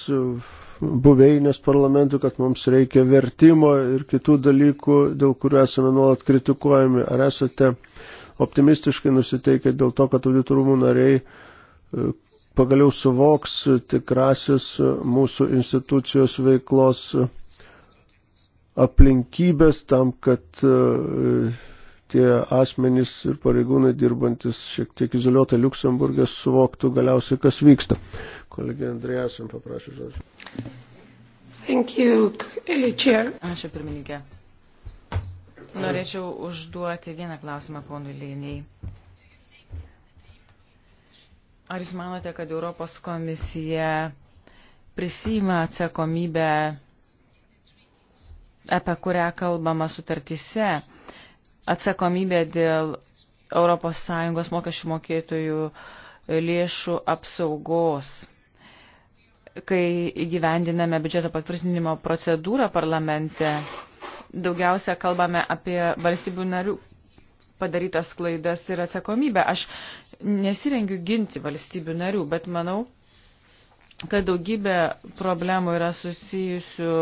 S2: buveinės parlamentų, kad mums reikia vertimo ir kitų dalykų, dėl kurių esame nuolat kritikuojami. Ar esate optimistiškai nusiteikę dėl to, kad auditorumų nariai e, pagaliau suvoks tikrasis mūsų institucijos veiklos aplinkybės tam, kad e, tie asmenys ir pareigūnai dirbantis šiek tiek izoliuotą Luksemburgę suvoktų galiausiai, kas vyksta. Kolegė Andrėjasim paprašė žodžiu.
S3: Thank you, eh, Chair. Ačiū pirmininkė. Norėčiau užduoti vieną klausimą ponui Lėniai. Ar jūs manote, kad Europos komisija prisima atsakomybę apie kurią kalbama sutartyse. Atsakomybė dėl ES mokesčių mokėtojų lėšų apsaugos. Kai įgyvendiname biudžeto patvirtinimo procedūrą parlamente, daugiausia kalbame apie valstybių narių padarytas klaidas ir atsakomybę. Aš nesirengiu ginti valstybių narių, bet manau, kad daugybė problemų yra susijusių su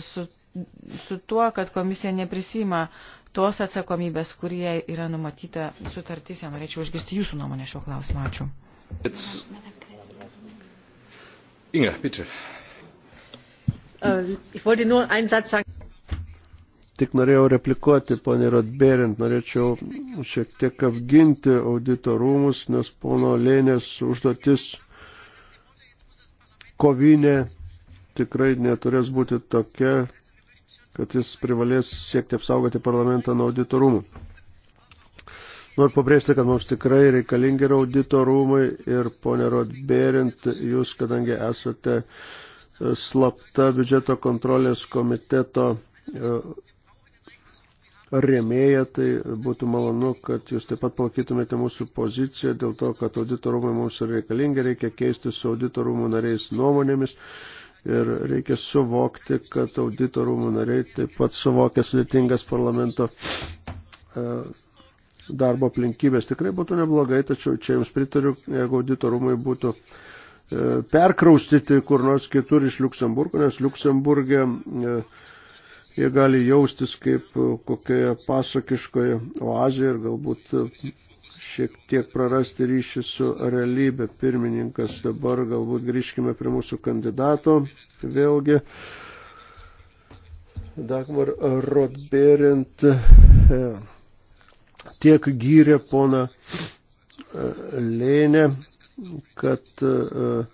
S3: su, su tuo, kad komisija neprisima tos atsakomybės, kurie yra numatyta sutartyse. Norėčiau išgirsti jūsų nuomonę šiuo klausimu. Ačiū. It's...
S1: Inga, bitte. Uh,
S3: ich wollte nur einen Satz sagen.
S2: Tik norėjau replikuoti, ponė Rodberint, norėčiau šiek tiek apginti audito rūmus, nes pono Lėnės užduotis kovinė tikrai neturės būti tokia, kad jis privalės siekti apsaugoti parlamentą nuo auditorumų. Noriu pabrėžti, kad mums tikrai reikalingi yra auditorumai ir ponė Rodberint, jūs, kadangi esate e, slapta biudžeto kontrolės komiteto e, rėmėja, tai būtų malonu, kad jūs taip pat palkytumėte mūsų poziciją dėl to, kad auditorumai mums yra reikalingi, reikia keisti su auditorumų nariais nuomonėmis Ir reikia suvokti, kad audito rūmų nariai taip pat suvokia sudėtingas parlamento e, darbo aplinkybės. Tikrai būtų neblogai, tačiau čia jums pritariu, jeigu audito rūmai būtų e, perkraustyti kur nors kitur iš Luksemburgo, nes Luksemburgė e, jie gali jaustis kaip kokioje pasakiškoje oazėje ir galbūt šiek tiek prarasti ryšį su realybė. Pirmininkas dabar galbūt grįžkime prie mūsų kandidato. Vėlgi, Dagmar Rodberint e, tiek gyrė pona e, Lėnė, kad e,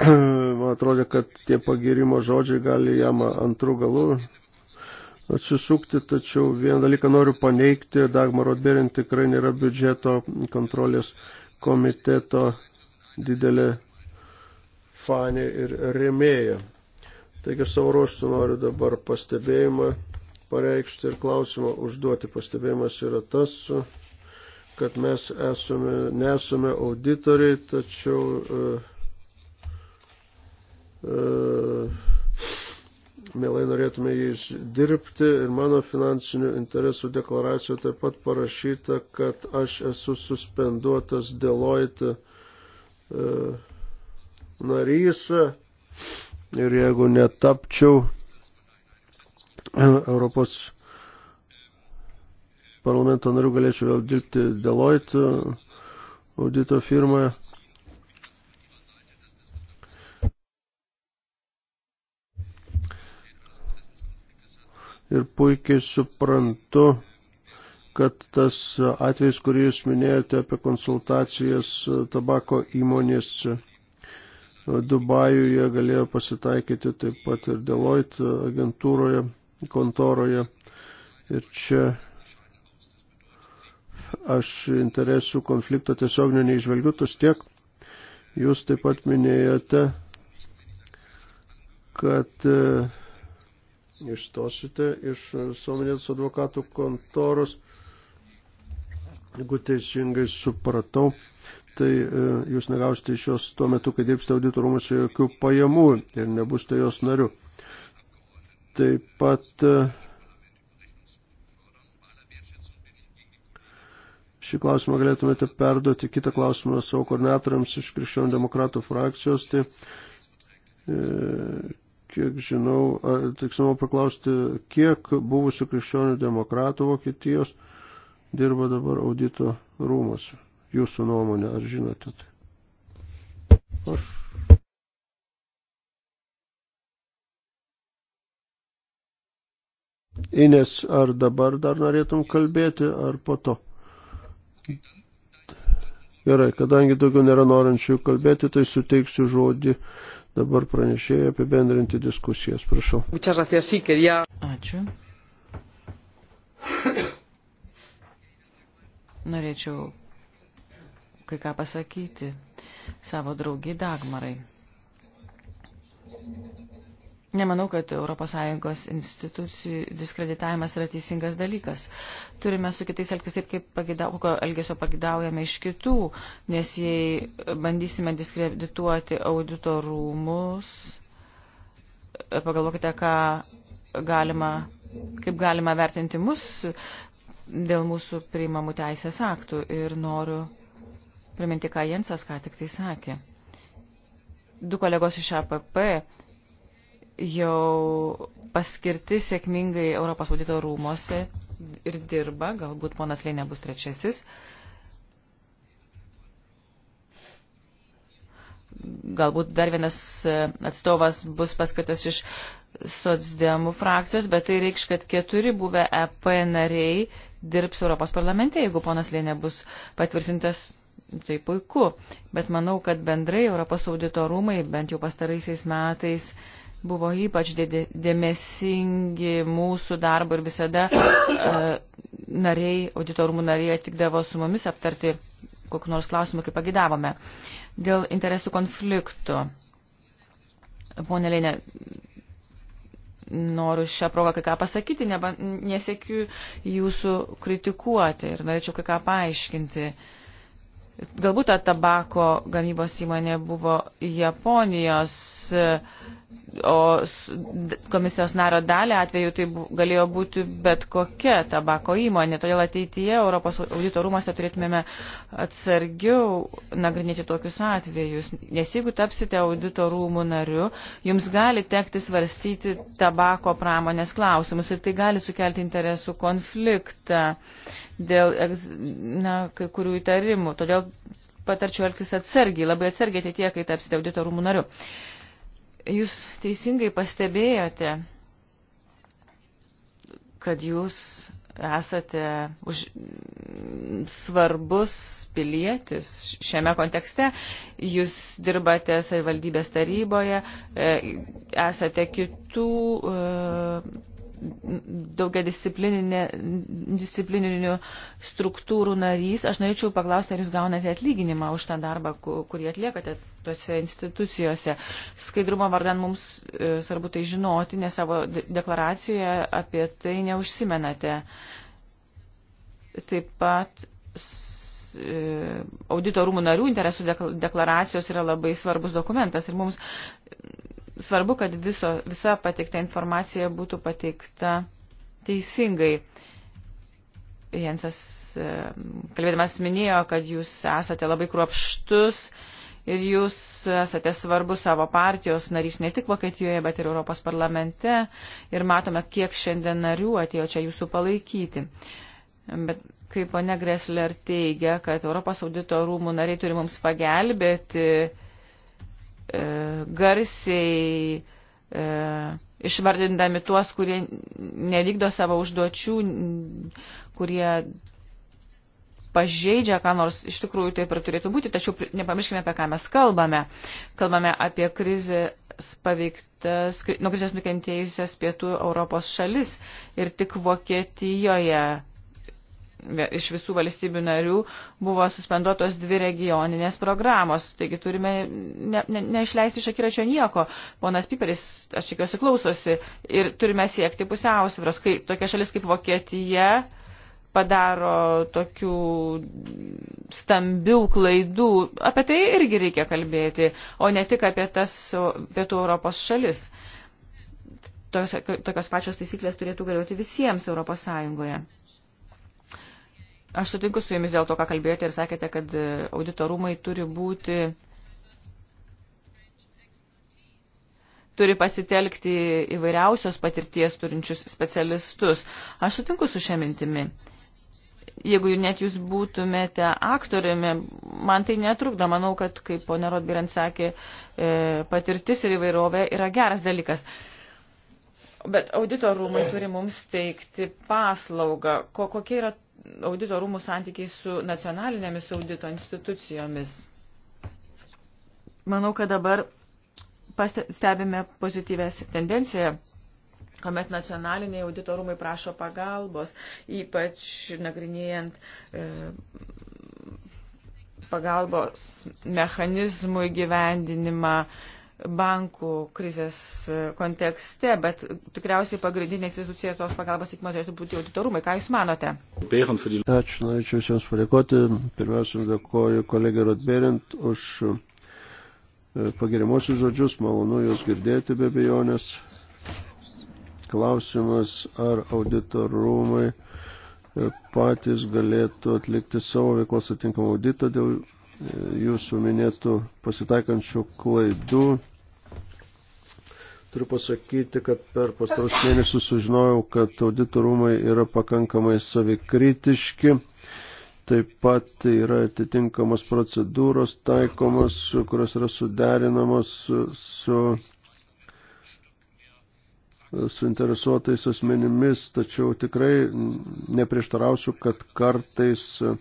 S2: man atrodo, kad tie pagirimo žodžiai gali jam antrų galų atsisukti, tačiau vieną dalyką noriu paneigti, Dagmar Odberin tikrai nėra biudžeto kontrolės komiteto didelė fanė ir remėja. Taigi savo ruoštų noriu dabar pastebėjimą pareikšti ir klausimą užduoti. Pastebėjimas yra tas, kad mes esame, nesame auditoriai, tačiau uh, uh, mielai norėtume jais dirbti ir mano finansinių interesų deklaracijoje taip pat parašyta, kad aš esu suspenduotas Deloitte e, narys ir jeigu netapčiau e, Europos parlamento narių galėčiau vėl dirbti Deloitte audito firmoje. ir puikiai suprantu, kad tas atvejs, kurį jūs minėjote apie konsultacijas tabako įmonės Dubajuje galėjo pasitaikyti taip pat ir Deloitte agentūroje, kontoroje. Ir čia aš interesų konflikto tiesiog neižvelgiu, tas tiek. Jūs taip pat minėjote, kad ištosite iš suomenės advokatų kontoros, jeigu teisingai supratau, tai e, jūs negausite iš jos tuo metu, kai dirbsite audito rūmose jokių pajamų ir nebūsite jos narių. Taip pat e, šį klausimą galėtumėte perduoti kitą klausimą savo koordinatoriams iš krikščionių demokratų frakcijos. Tai, e, kiek žinau, tiksliau paklausti, kiek buvusių krikščionių demokratų Vokietijos dirba dabar audito rūmose. Jūsų nuomonė, ar žinote tai? Aš. Ines, ar dabar dar norėtum kalbėti, ar po to? Gerai, kadangi daugiau nėra norinčių kalbėti, tai suteiksiu žodį dabar pranešėjai apibendrinti diskusijas. Prašau.
S3: Ačiū. Norėčiau kai ką pasakyti savo draugiai Dagmarai. Nemanau, kad ES institucijų diskreditavimas yra teisingas dalykas. Turime su kitais elgtis taip, kaip pagidau, elgesio pagidaujame iš kitų, nes jei bandysime diskredituoti audito rūmus, pagalvokite, ką galima, kaip galima vertinti mus dėl mūsų priimamų teisės aktų. Ir noriu priminti, ką Jensas ką tik tai sakė. Du kolegos iš APP jau paskirti sėkmingai Europos audito rūmose ir dirba, galbūt ponas Lėnė bus trečiasis. Galbūt dar vienas atstovas bus paskirtas iš socdemų frakcijos, bet tai reikš, kad keturi buvę EP nariai dirbs Europos parlamente, jeigu ponas Lėnė bus patvirtintas tai puiku, bet manau, kad bendrai Europos audito rūmai bent jau pastaraisiais metais buvo ypač dėmesingi mūsų darbo ir visada e, nariai, auditorumų nariai atikdavo su mumis aptarti kokiu nors klausimu, kaip pagidavome. Dėl interesų konfliktų, ponė Lėnė, noriu šią progą kai ką pasakyti, neba, nesiekiu jūsų kritikuoti ir norėčiau kai ką paaiškinti. Uh, Galbūt ta tabako gamybos įmonė buvo Japonijos, o komisijos naro dalį atveju tai galėjo būti bet kokia tabako įmonė. Todėl ateityje Europos audito rūmose turėtumėme atsargiau nagrinėti tokius atvejus. Nes jeigu tapsite audito rūmų nariu, jums gali tekti svarstyti tabako pramonės klausimus ir tai gali sukelti interesų konfliktą dėl na, kai kurių įtarimų. Todėl patarčiau elgtis atsargiai, labai atsargiai ateitie, kai tapsite audito rūmų nariu. Jūs teisingai pastebėjote, kad jūs esate už svarbus pilietis šiame kontekste. Jūs dirbate savivaldybės taryboje, e, esate kitų e, daugia disciplininių struktūrų narys. Aš norėčiau paklausti, ar jūs gaunate atlyginimą už tą darbą, kurį atliekate tose institucijose. Skaidrumo vardan mums e, svarbu tai žinoti, nes savo deklaracijoje apie tai neužsimenate. Taip pat e, audito rūmų narių interesų deklaracijos yra labai svarbus dokumentas ir mums svarbu, kad viso, visa pateikta informacija būtų pateikta teisingai. Jensas e, kalbėdamas minėjo, kad jūs esate labai kruopštus ir jūs esate svarbus savo partijos narys ne tik Vokietijoje, bet ir Europos parlamente ir matome, kiek šiandien narių atėjo čia jūsų palaikyti. Bet kaip ponia Gresler teigia, kad Europos audito rūmų nariai turi mums pagelbėti E, garsiai e, išvardindami tuos, kurie nevykdo savo užduočių, kurie pažeidžia, ką nors iš tikrųjų taip ir turėtų būti, tačiau nepamirškime, apie ką mes kalbame. Kalbame apie krizės paveiktas, nuo krizės nukentėjusias pietų Europos šalis ir tik Vokietijoje iš visų valstybių narių buvo suspenduotos dvi regioninės programos. Taigi turime ne, ne, neišleisti iš akiračio nieko. Ponas Piperis, aš tikiuosi, klausosi ir turime siekti pusiausvėros. Kai tokia šalis kaip Vokietija padaro tokių stambių klaidų, apie tai irgi reikia kalbėti, o ne tik apie tas pietų Europos šalis. Tokios, tokios pačios taisyklės turėtų galioti visiems Europos Sąjungoje. Aš sutinku su jumis dėl to, ką kalbėjote ir sakėte, kad e, auditorumai turi būti, turi pasitelkti įvairiausios patirties turinčius specialistus. Aš sutinku su šia mintimi. Jeigu net jūs būtumėte aktoriumi, man tai netrukdo. Manau, kad, kaip ponė Rodbirant sakė, e, patirtis ir įvairovė yra geras dalykas. Bet audito rūmai turi mums teikti paslaugą. Ko, kokie yra audito rūmų santykiai su nacionalinėmis audito institucijomis. Manau, kad dabar stebime pozityvę tendenciją kuomet nacionaliniai auditorumai prašo pagalbos, ypač nagrinėjant e, pagalbos mechanizmų įgyvendinimą, e, bankų krizės kontekste, bet tikriausiai pagrindinė institucija tos pagalbos tikimo turėtų būti auditorumai. Ką Jūs manote?
S2: Ačiū, norėčiau Jums padėkoti. Pirmiausia, dėkoju kolegai Rodberint už e, pagirimuosius žodžius, malonu Jūs girdėti be bejonės. Klausimas, ar auditorumai e, patys galėtų atlikti savo veiklos atinkamą auditą dėl jūsų minėtų pasitaikančių klaidų. Turiu pasakyti, kad per pastarus mėnesius sužinojau, kad auditorumai yra pakankamai savikritiški. Taip pat yra atitinkamos procedūros taikomos, kurios yra suderinamos su suinteresuotais asmenimis, tačiau tikrai neprieštarausiu, kad kartais uh,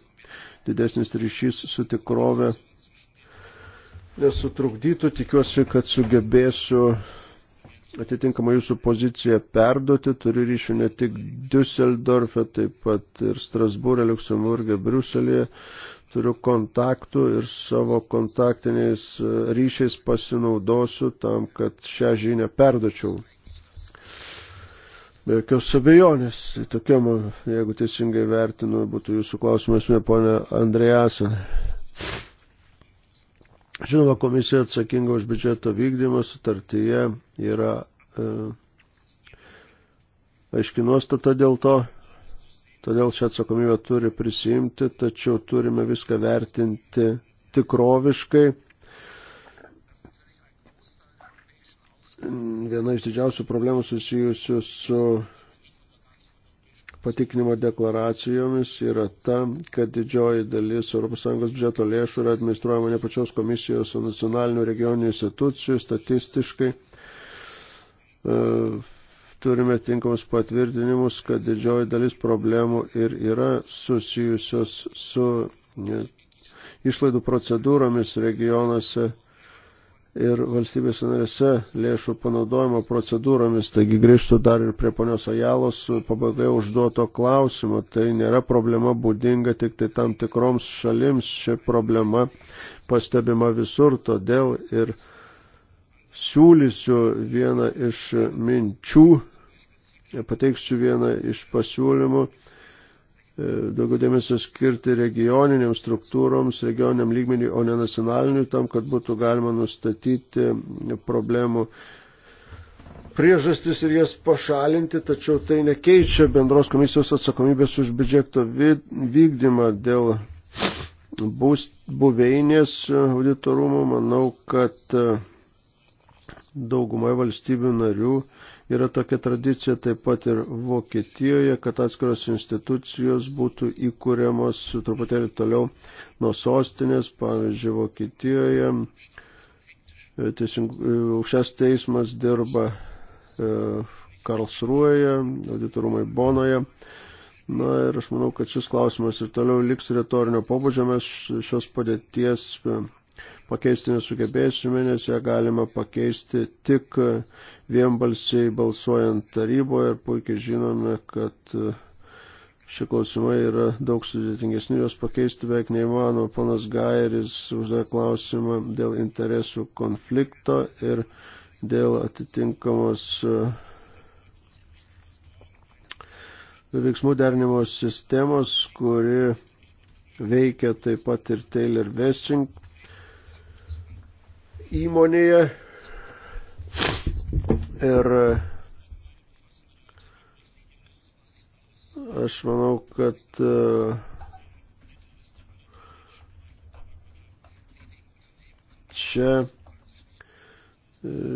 S2: didesnis ryšys su tikrove nesutrukdytų. Tikiuosi, kad sugebėsiu atitinkamą jūsų poziciją perduoti. Turiu ryšių ne tik Düsseldorfe, taip pat ir Strasbūrė, Luxemburgė, Briuselėje. Turiu kontaktų ir savo kontaktiniais ryšiais pasinaudosiu tam, kad šią žinią perduočiau Be jokios abejonės, tokiam, jeigu teisingai vertinu, būtų jūsų klausimas, ne ponė Andrejasan. Žinoma, komisija atsakinga už biudžeto vykdymą sutartyje yra e, aiški nuostata dėl to, todėl šią atsakomybę turi prisimti, tačiau turime viską vertinti tikroviškai viena iš didžiausių problemų susijusių su patikrinimo deklaracijomis yra ta, kad didžioji dalis ES biudžeto lėšų yra administruojama ne pačios komisijos, o nacionalinių regioninių institucijų statistiškai. E, turime tinkamus patvirtinimus, kad didžioji dalis problemų ir yra susijusios su e, išlaidų procedūromis regionuose ir valstybės narėse lėšų panaudojimo procedūromis. Taigi grįžtų dar ir prie ponios Ajalos pabaigoje užduoto klausimo. Tai nėra problema būdinga tik tai tam tikroms šalims. Ši problema pastebima visur, todėl ir siūlysiu vieną iš minčių, pateiksiu vieną iš pasiūlymų E, daugiau dėmesio skirti regioniniams struktūroms, regioniniam lygmeniui, o ne nacionaliniui, tam, kad būtų galima nustatyti problemų priežastis ir jas pašalinti, tačiau tai nekeičia bendros komisijos atsakomybės už biudžeto vykdymą dėl būs, buveinės auditorumų. Manau, kad e, daugumoje valstybių narių Yra tokia tradicija taip pat ir Vokietijoje, kad atskiros institucijos būtų įkūriamos truputėlį toliau nuo sostinės, pavyzdžiui, Vokietijoje. E, e, Aukštas teismas dirba e, Karlsruoje, auditorumai Bonoje. Na ir aš manau, kad šis klausimas ir toliau liks retorinio pobūdžio, mes šios padėties pakeisti nesugebėsime, nes ją galima pakeisti tik vienbalsiai balsuojant taryboje ir puikiai žinome, kad šie klausimai yra daug sudėtingesni, juos pakeisti beveik neįmanoma. Ponas Gairis uždavė klausimą dėl interesų konflikto ir dėl atitinkamos e, veiksmų derinimo sistemos, kuri veikia taip pat ir Taylor Wessing įmonėje ir aš manau, kad e, čia e,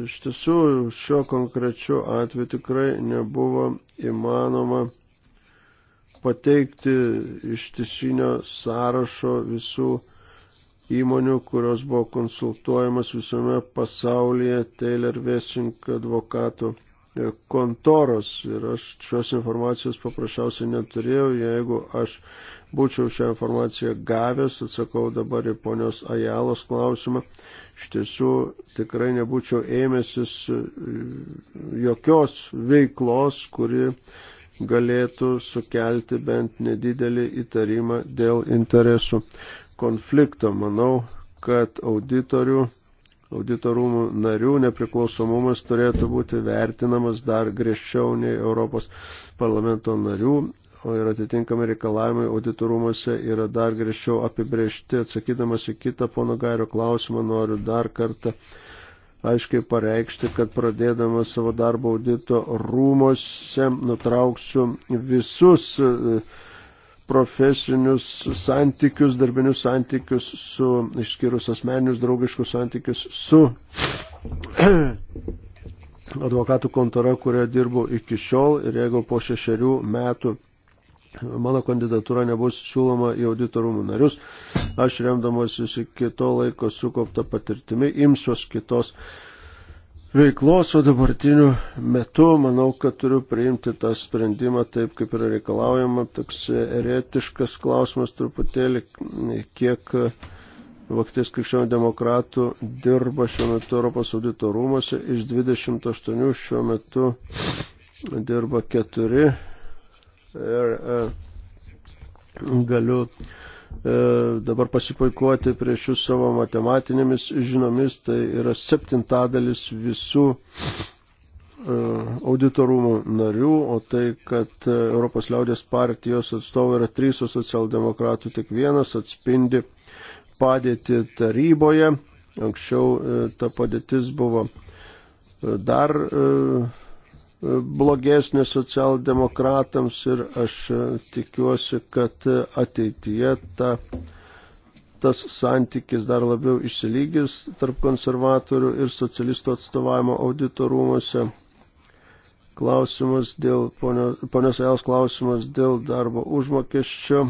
S2: iš tiesų šio konkrečiu atveju tikrai nebuvo įmanoma pateikti ištisinio sąrašo visų įmonių, kurios buvo konsultuojamas visame pasaulyje Taylor Vesink advokatų e, kontoros. Ir aš šios informacijos paprasčiausiai neturėjau. Jeigu aš būčiau šią informaciją gavęs, atsakau dabar į ponios Ajalos klausimą, iš tiesų tikrai nebūčiau ėmėsis e, jokios veiklos, kuri galėtų sukelti bent nedidelį įtarimą dėl interesų konflikto. Manau, kad auditorių, auditorumų narių nepriklausomumas turėtų būti vertinamas dar griežčiau nei Europos parlamento narių, o ir atitinkami reikalavimai auditorumuose yra dar griežčiau apibriežti. Atsakydamas į kitą pono Gairio klausimą, noriu dar kartą aiškiai pareikšti, kad pradėdamas savo darbą audito rūmose nutrauksiu visus uh, profesinius santykius, darbinius santykius su, išskyrus asmeninius draugiškus santykius su advokatų kontora, kurioje dirbau iki šiol ir jeigu po šešerių metų mano kandidatūra nebus siūloma į auditorumų narius, aš remdamasis iki to laiko sukauptą patirtimį imsiuos kitos veiklos, o dabartiniu metu manau, kad turiu priimti tą sprendimą taip, kaip yra reikalaujama, toks eretiškas klausimas truputėlį, kiek vakties krikščionių demokratų dirba šiuo metu Europos audito rūmose, iš 28 šiuo metu dirba 4 ir e, galiu E, dabar pasipaikuoti prieš jūs savo matematinėmis žinomis, tai yra septintadalis visų e, auditorumų narių, o tai, kad e, Europos liaudės partijos atstovai yra trys, o socialdemokratų tik vienas, atspindi padėti taryboje. Anksčiau ta padėtis buvo dar blogesnė socialdemokratams ir aš e, tikiuosi, kad ateityje ta, tas santykis dar labiau išsilygis tarp konservatorių ir socialistų atstovavimo auditorumuose. Klausimas dėl, ponios Ails klausimas dėl darbo užmokesčio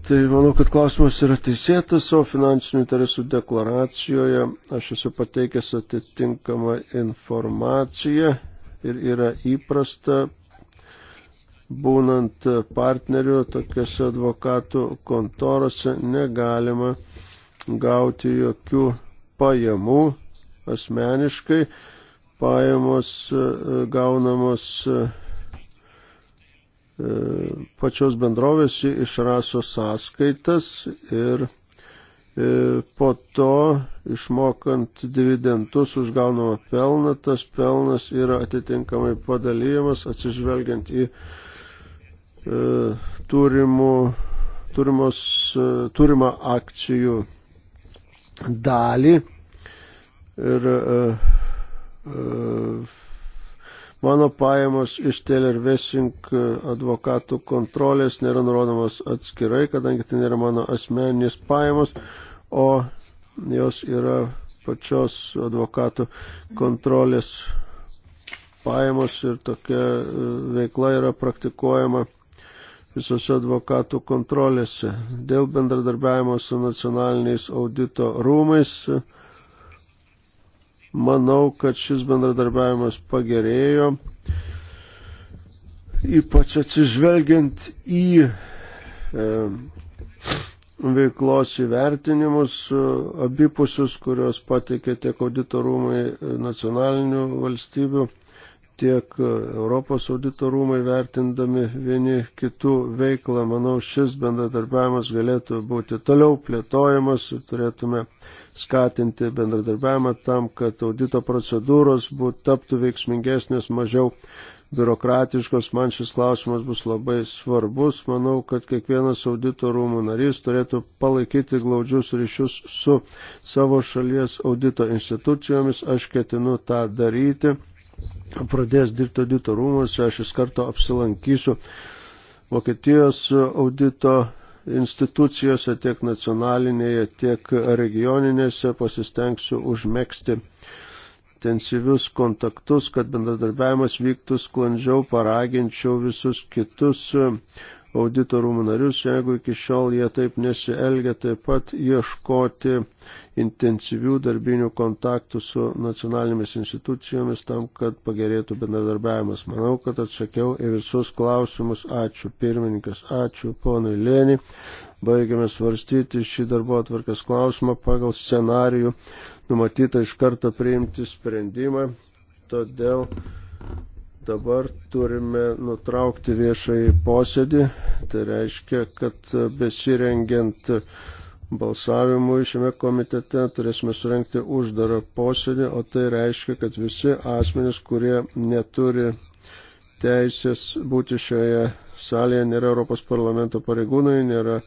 S2: Tai manau, kad klausimas yra teisėtas, o finansinių interesų deklaracijoje aš esu pateikęs atitinkamą informaciją ir yra įprasta, būnant partneriu tokiuose advokatų kontorose, negalima gauti jokių pajamų asmeniškai, pajamos e, gaunamos e, pačios bendrovės išrašo sąskaitas ir e, po to išmokant dividendus užgaunamą pelną, tas pelnas yra atitinkamai padalyjamas atsižvelgiant į e, turimų, turimos, e, turimą akcijų dalį ir Mano pajamos iš Teller Vesink e, advokatų kontrolės nėra nurodomos atskirai, kadangi tai nėra mano asmeninės pajamos, o jos yra pačios advokatų kontrolės pajamos ir tokia e, veikla yra praktikuojama visose advokatų kontrolėse. Dėl bendradarbiavimo su nacionaliniais audito rūmais Manau, kad šis bendradarbiavimas pagerėjo, ypač atsižvelgiant į e, veiklos įvertinimus e, abipusius, kuriuos pateikė tiek auditorumai e, nacionalinių valstybių, tiek e, Europos auditorumai vertindami vieni kitų veiklą. Manau, šis bendradarbiavimas galėtų būti toliau plėtojamas ir turėtume skatinti bendradarbiavimą tam, kad audito procedūros būtų taptų veiksmingesnės, mažiau biurokratiškos. Man šis klausimas bus labai svarbus. Manau, kad kiekvienas audito rūmų narys turėtų palaikyti glaudžius ryšius su savo šalies audito institucijomis. Aš ketinu tą daryti. Pradės dirbti audito rūmose, aš iš karto apsilankysiu Vokietijos audito institucijose, tiek nacionalinėje, tiek regioninėse pasistengsiu užmėgsti intensyvius kontaktus, kad bendradarbiavimas vyktų sklandžiau, paraginčiau visus kitus auditorumų narius, jeigu iki šiol jie taip nesielgia, taip pat ieškoti intensyvių darbinių kontaktų su nacionalinėmis institucijomis tam, kad pagerėtų bendradarbiavimas. Manau, kad atsakiau į visus klausimus. Ačiū pirmininkas, ačiū ponui Lėni. Baigiame svarstyti šį darbo atvarkės klausimą pagal scenarijų numatytą iš karto priimti sprendimą. Todėl Dabar turime nutraukti viešai posėdį. Tai reiškia, kad besirengiant balsavimui šiame komitete turėsime surenkti uždarą posėdį, o tai reiškia, kad visi asmenys, kurie neturi teisės būti šioje salėje, nėra Europos parlamento pareigūnai, nėra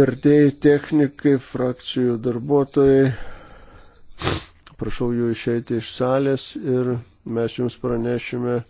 S2: vertėjai, technikai, frakcijų darbuotojai. Prašau jų išeiti iš salės ir mes jums pranešime